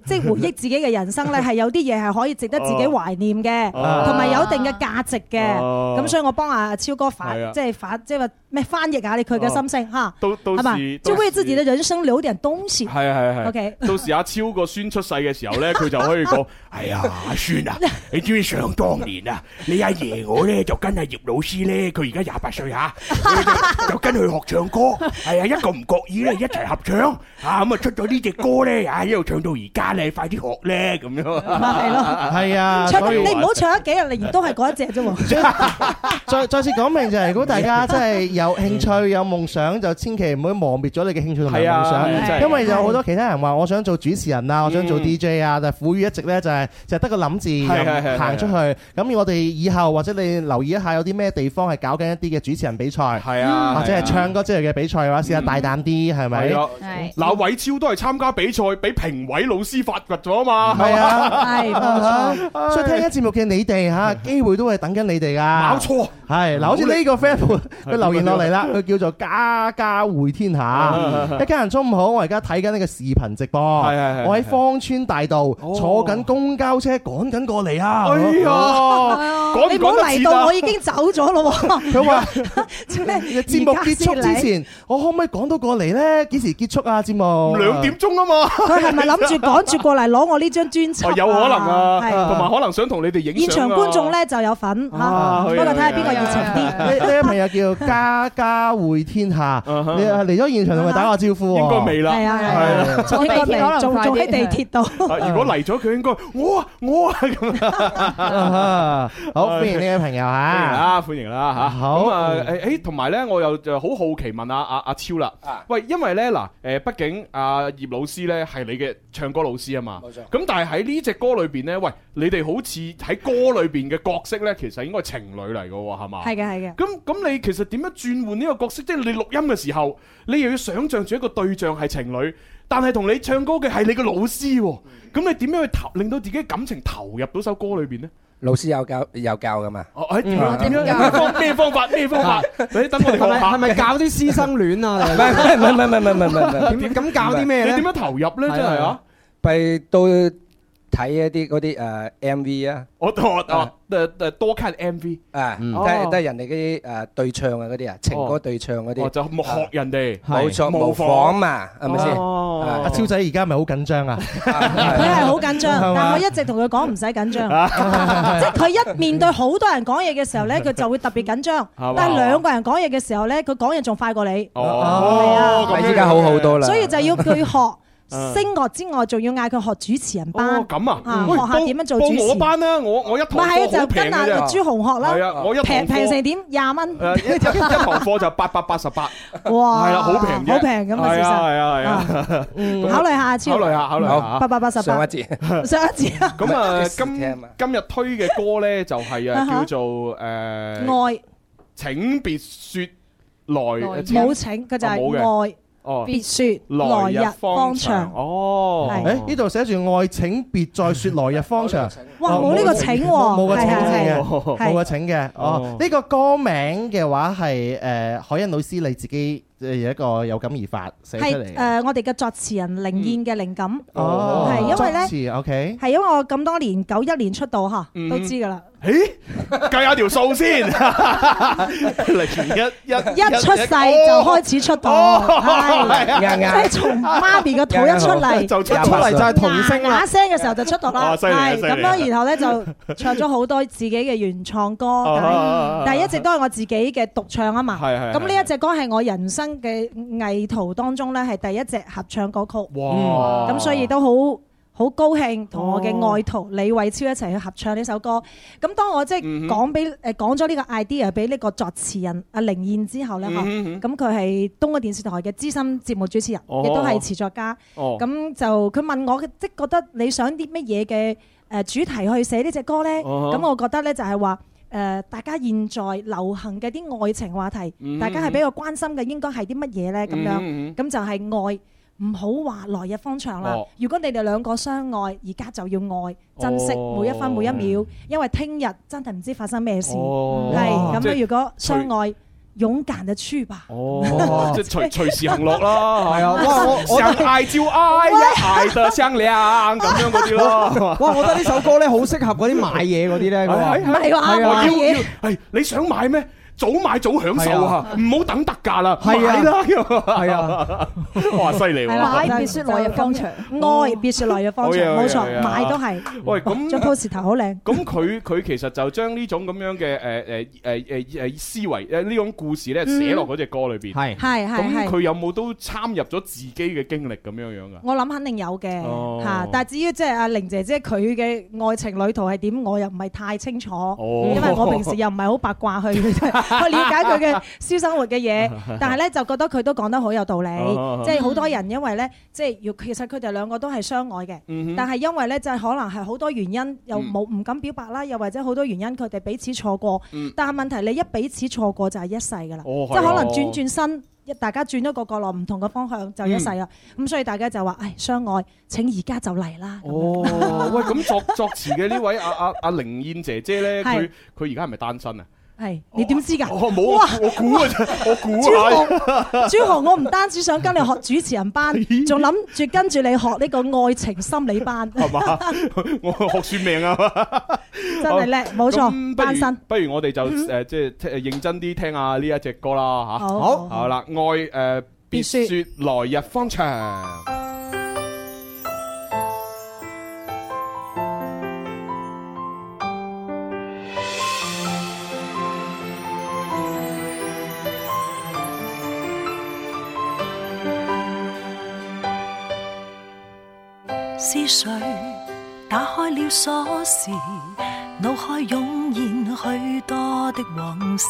[SPEAKER 8] 即係回憶自己嘅人生咧，係有啲嘢係可以值得自己懷念嘅，同埋有一定嘅價值嘅。咁所以我幫阿超哥翻，即係翻，即係話咩翻譯下你佢嘅心聲吓。到到時將為自己嘅人生留點東西。係係
[SPEAKER 2] 係。O K。到時阿超個孫出世嘅時候咧，佢就可以講：哎呀，阿孫啊，你知唔知想當年啊？你阿爺我咧就跟阿葉老師咧，佢而家廿八歲吓，就跟佢學唱歌。係啊，一個。唔覺意咧，一齊合唱嚇咁啊！出咗呢隻歌咧，啊一路唱到而家咧，快啲學咧咁樣。咪
[SPEAKER 8] 係咯，係啊！所以你唔好唱咗幾日，仍然都係嗰一隻啫喎。
[SPEAKER 3] 再再次講明就係，如果大家真係有興趣、有夢想，就千祈唔好磨滅咗你嘅興趣同埋夢想。因為有好多其他人話：我想做主持人啊，我想做 DJ 啊。但係苦於一直咧，就係就得個諗字，行出去。咁我哋以後或者你留意一下，有啲咩地方係搞緊一啲嘅主持人比賽，係啊，或者係唱歌之類嘅比賽嘅話，試下大。大膽啲係咪？嗱，
[SPEAKER 2] 偉超都係參加比賽，俾評委老師發掘咗啊嘛。係啊，係
[SPEAKER 3] 所以聽緊節目嘅你哋吓，機會都係等緊你哋噶。冇錯，係嗱，好似呢個 friend 佢留言落嚟啦，佢叫做家家匯天下。一家人中午好，我而家睇緊呢個視頻直播，係係係。我喺芳村大道坐緊公交車，趕緊過嚟啊！哎呀，你冇嚟到，我已經
[SPEAKER 8] 走咗咯。佢話：，
[SPEAKER 2] 咩？節目結束之前，
[SPEAKER 3] 我可唔可以講？都過嚟咧，幾時結束啊？節目
[SPEAKER 8] 兩點鐘啊嘛，佢係咪諗住趕住過嚟攞我呢張專輯？有可能啊，同埋可
[SPEAKER 2] 能想同你哋影現場觀眾
[SPEAKER 8] 咧就有份吓，不過睇下邊個熱情啲。呢位
[SPEAKER 3] 朋友叫家家會天下，你嚟咗現場同佢打個招呼啊？應該未啦，係
[SPEAKER 2] 啊，
[SPEAKER 8] 坐地鐵仲仲喺地鐵度。
[SPEAKER 2] 如果嚟咗，佢應該我我係咁啦。好，歡迎呢位朋友吓，啊，歡迎啦吓。好啊，誒誒，同埋咧，我又就好好奇問阿阿阿超啦。啊！喂，因為咧嗱，誒、呃，畢竟阿葉老師咧係你嘅唱歌老師啊嘛。冇錯。咁但係喺呢隻歌裏邊咧，喂，你哋好似喺歌裏邊嘅角色咧，其實應該係情侶嚟嘅喎，係嘛？係嘅，係
[SPEAKER 1] 嘅。咁咁，
[SPEAKER 2] 你其實點樣轉換呢個角色？即係你錄音嘅時候，你又要想象住一個對象係情侶，但係同你唱歌嘅係你嘅老師、啊。咁、嗯、你點樣去投，令到自己感情投入
[SPEAKER 11] 到首歌裏邊咧？老師有教有教噶嘛？哦，哎，點樣點
[SPEAKER 4] 樣教？咩方法咩方法？
[SPEAKER 11] 你等我嚟查，係咪係咪教啲師生戀啊？唔係唔係唔係唔係唔係唔係，點咁教啲咩咧？你點樣投入咧？真係啊，係到。睇一啲嗰啲誒 MV 啊，我多
[SPEAKER 2] 誒誒多 cut MV 啊，都係都係
[SPEAKER 11] 人哋嗰啲誒對唱啊嗰啲啊，情歌對唱嗰啲，就學人哋冇錯，模仿嘛，係咪
[SPEAKER 3] 先？阿超仔而家咪好緊張啊！
[SPEAKER 8] 佢係好緊張，但係我一直同佢講唔使緊張，即係佢一面對好多人講嘢嘅時候咧，佢就會特別緊張。但係兩個人講嘢嘅時候咧，佢講嘢仲快過你。哦，係啊依家好好多啦，所以就要佢學。聲樂之外，仲要嗌佢學主持人班。咁啊，學下點樣做主持人。報我班啦，我我一堂好平嘅。唔係，就跟阿朱紅學啦。平平成點？廿蚊。一
[SPEAKER 2] 堂課就八百八十八。哇！係啦，好平。好平咁啊！係啊係啊係啊。
[SPEAKER 11] 考慮下考慮下，考慮下。八百八十八。上一節，上一節。咁啊，今
[SPEAKER 2] 今日推嘅歌咧，就係啊，叫做誒。愛，請別說來。冇請，佢就係愛。哦，別説來日
[SPEAKER 8] 方長哦。係，誒呢度寫
[SPEAKER 3] 住愛，請別再説來日方長。
[SPEAKER 8] 哇，冇呢個請喎，冇個請嘅，冇個請
[SPEAKER 3] 嘅。哦，呢個歌名嘅話係誒，海茵老師你自己有一個有感而發寫出嚟。係誒，
[SPEAKER 8] 我哋嘅作詞人林燕嘅靈感。哦，係因為咧，OK，係因為我咁多年九一年出道嚇，都知噶啦。
[SPEAKER 2] 誒，計下條數先，一
[SPEAKER 8] 一一出世就開始出道，係係，即係從媽咪個肚一出嚟就出嚟就童聲啦，把聲嘅時候就出道啦，係咁樣，然後咧就唱咗好多自己嘅原創歌，但係一直都係我自己嘅獨唱啊嘛，係係，咁呢一隻歌係我人生嘅藝途當中咧係第一隻合唱歌曲，哇，咁所以都好。好高興同我嘅愛徒李偉超一齊去合唱呢首歌。咁當我即係講俾誒、嗯、哼講咗呢個 idea 俾呢個作詞人阿凌燕之後咧，嚇咁佢係東亞電視台嘅資深節目主持人，哦、亦都係詞作家。咁、哦嗯、就佢問我，即係覺得你想啲乜嘢嘅誒主題去寫呢隻歌咧？咁、哦嗯、我覺得咧就係話誒，大家現在流行嘅啲愛情話題，大家係比較關心嘅，應該係啲乜嘢咧？咁樣咁就係愛。唔好話來日方長啦，如果你哋兩個相愛，而家就要愛，珍惜每一分每一秒，因為聽日真係唔知發生咩事。係咁樣，如果相愛，勇敢就出吧。哦，即係隨隨時行樂啦。係啊，哇！我我嗌招 I 呀，
[SPEAKER 6] 嗌得你
[SPEAKER 2] 靚咁樣
[SPEAKER 6] 嗰啲咯。哇，我覺得呢首歌咧，好適合
[SPEAKER 2] 嗰啲買嘢嗰啲咧。係係係，我要要，係你想買咩？早買早享受啊！唔好等特價啦，買啦，係啊，哇，犀利！買，
[SPEAKER 8] 別說來日方長，愛，別說來日方長，冇錯，買都係。喂，咁張 post 頭好靚。
[SPEAKER 2] 咁佢佢其實就將呢種咁樣嘅誒誒誒誒誒思維誒呢種故事咧寫落嗰隻歌裏邊，係係係。咁佢有冇都參入咗自己嘅經歷咁樣樣噶？
[SPEAKER 8] 我諗肯定有嘅吓，但係至於即係阿玲姐姐佢嘅愛情旅途係點，我又唔係太清楚，因為我平時又唔係好八卦佢嘅啫。去了解佢嘅私生活嘅嘢，但係咧就覺得佢都講得好有道理，即係好多人因為咧，即係要其實佢哋兩個都係相愛嘅，但係因為咧就係可能係好多原因又冇唔敢表白啦，又或者好多原因佢哋彼此錯過，但係問題你一彼此錯過就係一世噶啦，即係、哦哦、可能轉轉身，大家轉咗個角落唔同嘅方向就一世啊，咁所以大家就話唉，相愛請而家就嚟啦。
[SPEAKER 2] 哦，喂，咁作作詞嘅呢位阿阿阿凌燕姐姐咧，佢佢而家係咪單身啊？
[SPEAKER 8] 係，你點知噶？我冇啊！我估啊，我估啊！朱浩，朱浩，我唔單止想跟你學主持人班，仲諗住跟住你學呢個愛情心理班，係嘛？
[SPEAKER 2] 我學算命啊！
[SPEAKER 8] 真係叻，冇錯。單身，
[SPEAKER 2] 不如我哋就誒，即係認真啲聽下呢一隻歌啦，吓好。好啦，愛誒，別說來日方長。
[SPEAKER 12] 是誰打開了鎖匙？腦海湧現許多的往事。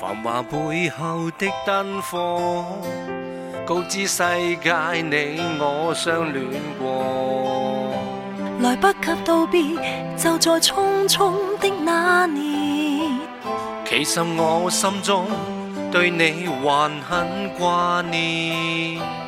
[SPEAKER 10] 繁華背後的燈火，告知世界你我相戀過。
[SPEAKER 12] 來不及道別，就在匆匆的那年。
[SPEAKER 10] 其實我心中對你還很掛念。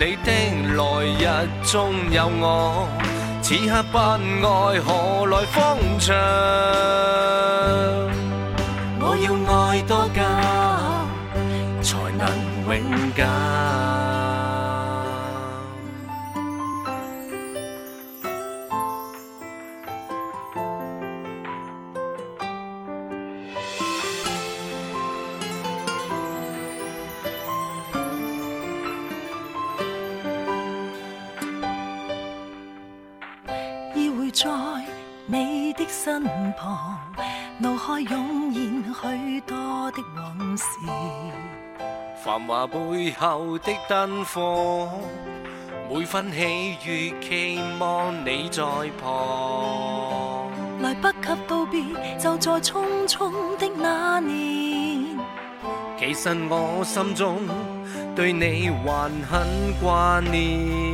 [SPEAKER 10] 你的來日中有我，此刻不愛何來方長？我要愛多久，才能永久？
[SPEAKER 12] 在你的身旁，腦海湧現許多的往事。
[SPEAKER 10] 繁華背後的燈火，每分喜悅期望你在旁。
[SPEAKER 12] 來不及道別，就在匆匆的那年。
[SPEAKER 10] 其實我心中對你還很掛念。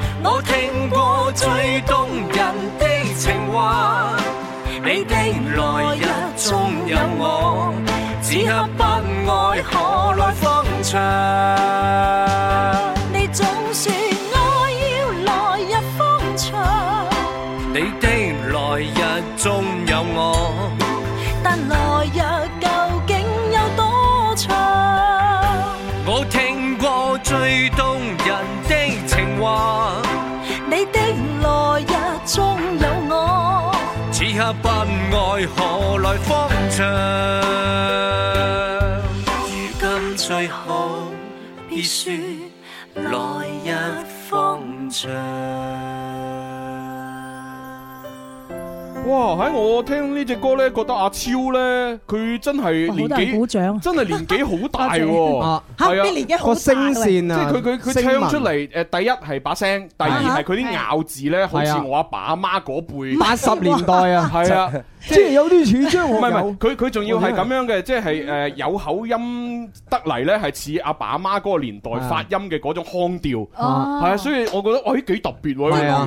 [SPEAKER 10] 我聽過最動人的情話，你
[SPEAKER 12] 的來日中有我，此刻不愛可來方長。
[SPEAKER 10] 不愛何來方長？如今
[SPEAKER 12] 最好別說來日方長。哇！喺我
[SPEAKER 2] 聽呢隻歌咧，覺得阿超咧，佢真係年紀真係年紀好大喎。吓啲年紀好大，個聲線啊！即係佢佢佢唱出嚟，誒，第一係把聲，第二係佢啲咬字咧，好似我阿爸阿媽嗰輩八十年代啊，係啊，即係有
[SPEAKER 6] 啲似張。唔係唔係，
[SPEAKER 2] 佢佢仲要係咁樣嘅，即係誒有口音得嚟咧，係似阿爸阿媽嗰個年代發音嘅嗰種腔調。係啊，所以我覺得哇，呢幾特別。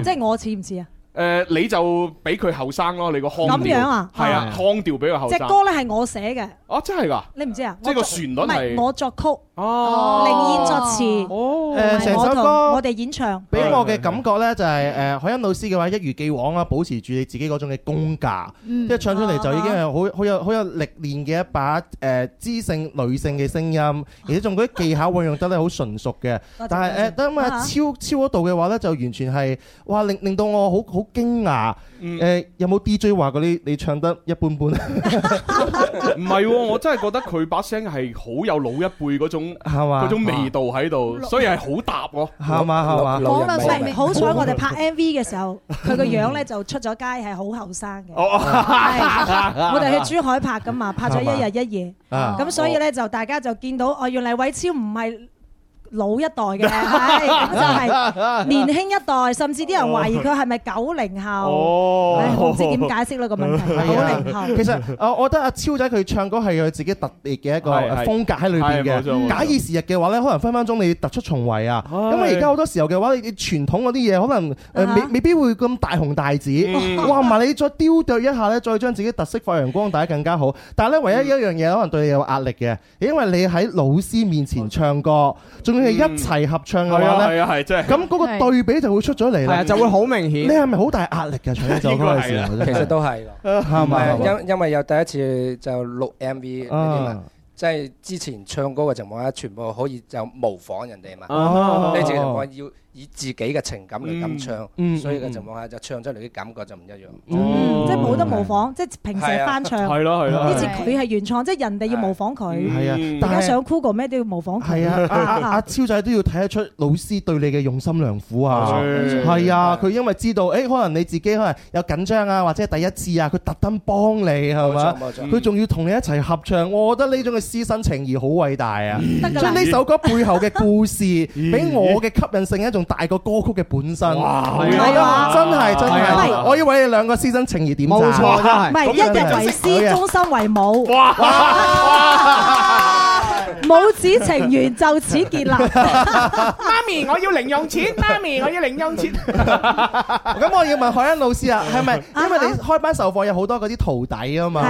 [SPEAKER 2] 即係
[SPEAKER 8] 我似唔似啊？
[SPEAKER 2] 誒你就俾佢後生咯，你個腔調。咁樣啊？係啊，腔調俾佢後生。隻歌咧
[SPEAKER 8] 係我寫嘅。哦，真係㗎？你唔知啊？即係個旋律係。唔係，我作曲，哦，林燕作詞。哦，誒成首歌我哋演唱。俾我
[SPEAKER 3] 嘅感覺咧就係誒海茵老師嘅話，一如既往啊，保持住你自己嗰種嘅功架，即係唱出嚟就已經係好好有好有歷練嘅一把誒知性女性嘅聲音，而且仲嗰啲技巧運用得咧好純熟嘅。但係誒，因為超超嗰度嘅話咧，就完全係哇令令到我好好。驚訝，誒有冇 DJ 話嗰啲你唱得一般般？唔
[SPEAKER 2] 係喎，我真係覺得佢把聲係好有老一輩嗰種，係嘛嗰種味道喺度，所以係好搭咯，係嘛係嘛。
[SPEAKER 8] 好彩我哋拍 MV 嘅時候，佢個樣咧就出咗街係好後生嘅。
[SPEAKER 4] 我哋去珠
[SPEAKER 8] 海拍噶嘛，拍咗一日一夜，
[SPEAKER 4] 咁所以
[SPEAKER 8] 咧就大家就見到哦，原來偉超唔係。老一代嘅，咁 [LAUGHS] 就係年輕一代，甚至啲人懷疑佢係咪九零後，唔、哦哎、知點
[SPEAKER 3] 解釋呢個問題。哦、後其實我覺得阿超仔佢唱歌係有自己特別嘅一個風格喺裏邊嘅。假以時日嘅話咧，可能分分鐘你突出重圍啊。因為而家好多時候嘅話，你傳統嗰啲嘢可能誒未、呃、未必會咁大紅大紫。唔埋、嗯、哇你再雕琢一下咧，再將自己特色發揚光大家更加好。但係呢，唯一一樣嘢可能對你有壓力嘅，因為你喺老師面前唱歌，仲一齊合唱嘅話呢，係啊係啊係，真係咁嗰個對比就會出咗嚟啦，就會好明顯。你係咪好大壓力啊？唱咗嗰陣時，其實都係，
[SPEAKER 11] 唔係因因為有第一次就錄 MV，即係之前唱歌嘅情況下，全部可以就模仿人哋嘛。呢次嘅情況要，以自己嘅情感嚟咁唱，所以嘅情況下就唱出嚟啲感覺就唔一樣，即係冇得模仿，即
[SPEAKER 8] 係平時翻唱，
[SPEAKER 12] 係咯係咯，呢次
[SPEAKER 8] 佢係原創，即係人哋要模仿佢。係啊，大家上 Google 咩都要模仿
[SPEAKER 3] 佢啊！阿超仔都要睇得出老師對你嘅用心良苦啊！係啊，佢因為知道，誒可能你自己可能有緊張啊，或者第一次啊，佢特登幫你係嘛？佢仲要同你一齊合唱，我覺得呢種嘅師生情誼好偉大啊！所以呢首歌背後嘅故事，俾我嘅吸引性一種。大個歌曲嘅本身，係啊，啊、真係真係，啊、我要為你兩個師生情義點讚，冇錯，真係，唔係是一日為師，終
[SPEAKER 8] 身為母。母子情緣就此結納， [LAUGHS] 媽咪
[SPEAKER 2] 我要零用錢，媽咪我要零用錢
[SPEAKER 3] [LAUGHS] 咁我要問海茵老師啊，係咪因為你開班授課有好多嗰啲徒弟啊嘛？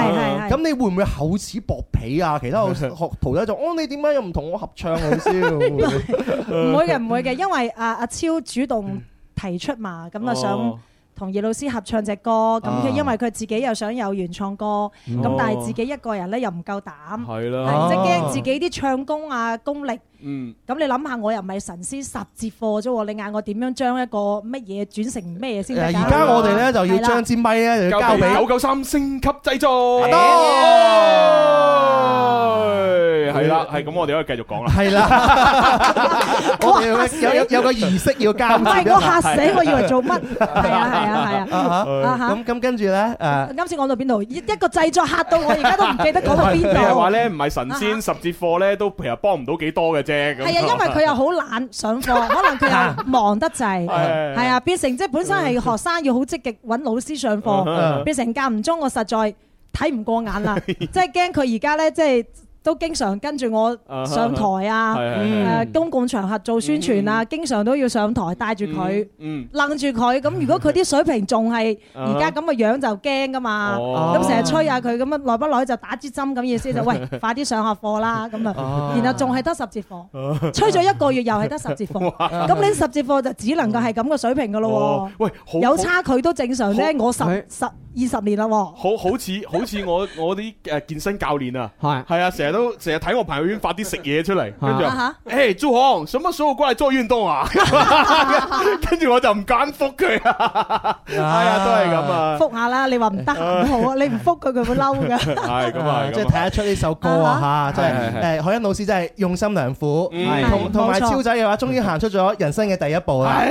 [SPEAKER 3] 咁是你會唔會厚此薄彼啊？其他學徒弟就哦、啊，你點解又唔同我合唱老師？唔不 [LAUGHS] 會嘅，
[SPEAKER 8] 唔會嘅，因為阿阿超主動提出嘛，咁啊想。同葉老師合唱隻歌，咁佢因為佢自己又想有原創歌，咁但係自己一個人咧又唔夠膽，即係驚自己啲唱功啊功力。咁你諗下，我又唔係神仙十節課啫，你嗌我點樣將一個乜嘢轉成咩嘢先？而家我哋咧就要將支咪咧交俾九
[SPEAKER 3] 九
[SPEAKER 2] 三升級製造，係啦，係咁我哋可以繼續講啦。係啦，我有有個儀式要交。真係我嚇死，我以為做
[SPEAKER 8] 乜？係啊。啊，係啊，咁咁跟住咧，啱先講到邊度？一個製作嚇到我，而家都唔記得講
[SPEAKER 2] 到邊度。話咧唔係神仙十、uh huh. 節課咧，都平日幫唔到幾多嘅啫。係啊，因為佢又
[SPEAKER 8] 好懶上課， [LAUGHS] 可能佢又忙得滯，係、 [LAUGHS] uh huh. 啊，變成即係本身係學生要好積極揾老師上課，uh huh. 變成間唔中我實在睇唔過眼啦， [LAUGHS] 即係驚佢而家咧即係。都經常跟住我上台啊，公共場合做宣傳啊，經常都要上台帶住佢，擸住佢。咁如果佢啲水平仲係而家咁嘅樣就驚㗎嘛。咁成日催下佢，咁樣耐不耐就打支針咁意思就，喂，快啲上下課啦。咁啊，然後仲係得十節課，催咗一個月又係得十節課。咁呢十節課就只能夠係咁嘅水平㗎咯喎。
[SPEAKER 12] 喂，有差
[SPEAKER 8] 距都正常咧。我十十二十年啦喎。好好
[SPEAKER 2] 似好似我我啲健身教練啊，係啊，成日。都成日睇我朋友圈發啲食嘢出嚟，跟住誒，朱什做乜所有關做運動啊？跟住我就唔敢覆佢
[SPEAKER 5] 啊！係啊，
[SPEAKER 8] 都係咁啊，覆下啦，你話唔得好啊？你
[SPEAKER 3] 唔覆佢，佢會嬲噶。係咁啊！即係睇得出呢首歌啊。吓，即係誒，海欣老師真係用心良苦，同埋超仔嘅話，終於行出咗人生嘅第一步啦！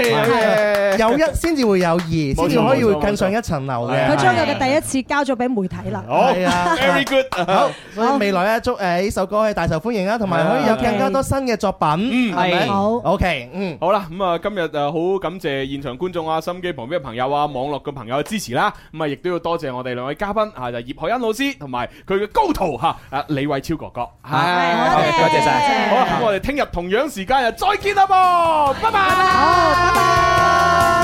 [SPEAKER 3] 有一先至會有二，先至可以會更上一層樓嘅。佢將佢嘅
[SPEAKER 8] 第一次交咗俾
[SPEAKER 3] 媒體啦，
[SPEAKER 5] 好
[SPEAKER 2] very good。
[SPEAKER 3] 好，未來咧，祝誒。呢首歌係大受歡迎啊，同埋可以有更加多新嘅作品，係咪？好
[SPEAKER 2] OK，嗯，好啦，咁啊，今日就好感謝現場觀眾啊、心機旁邊嘅朋友啊、網絡嘅朋友嘅支持啦，咁啊，亦都要多謝我哋兩位嘉賓啊，就葉海茵老師同埋佢嘅高徒吓啊，李偉超哥哥，係，多謝晒，好，咁我哋聽日同樣時間又再見啦噃，拜拜，
[SPEAKER 4] 好，拜拜。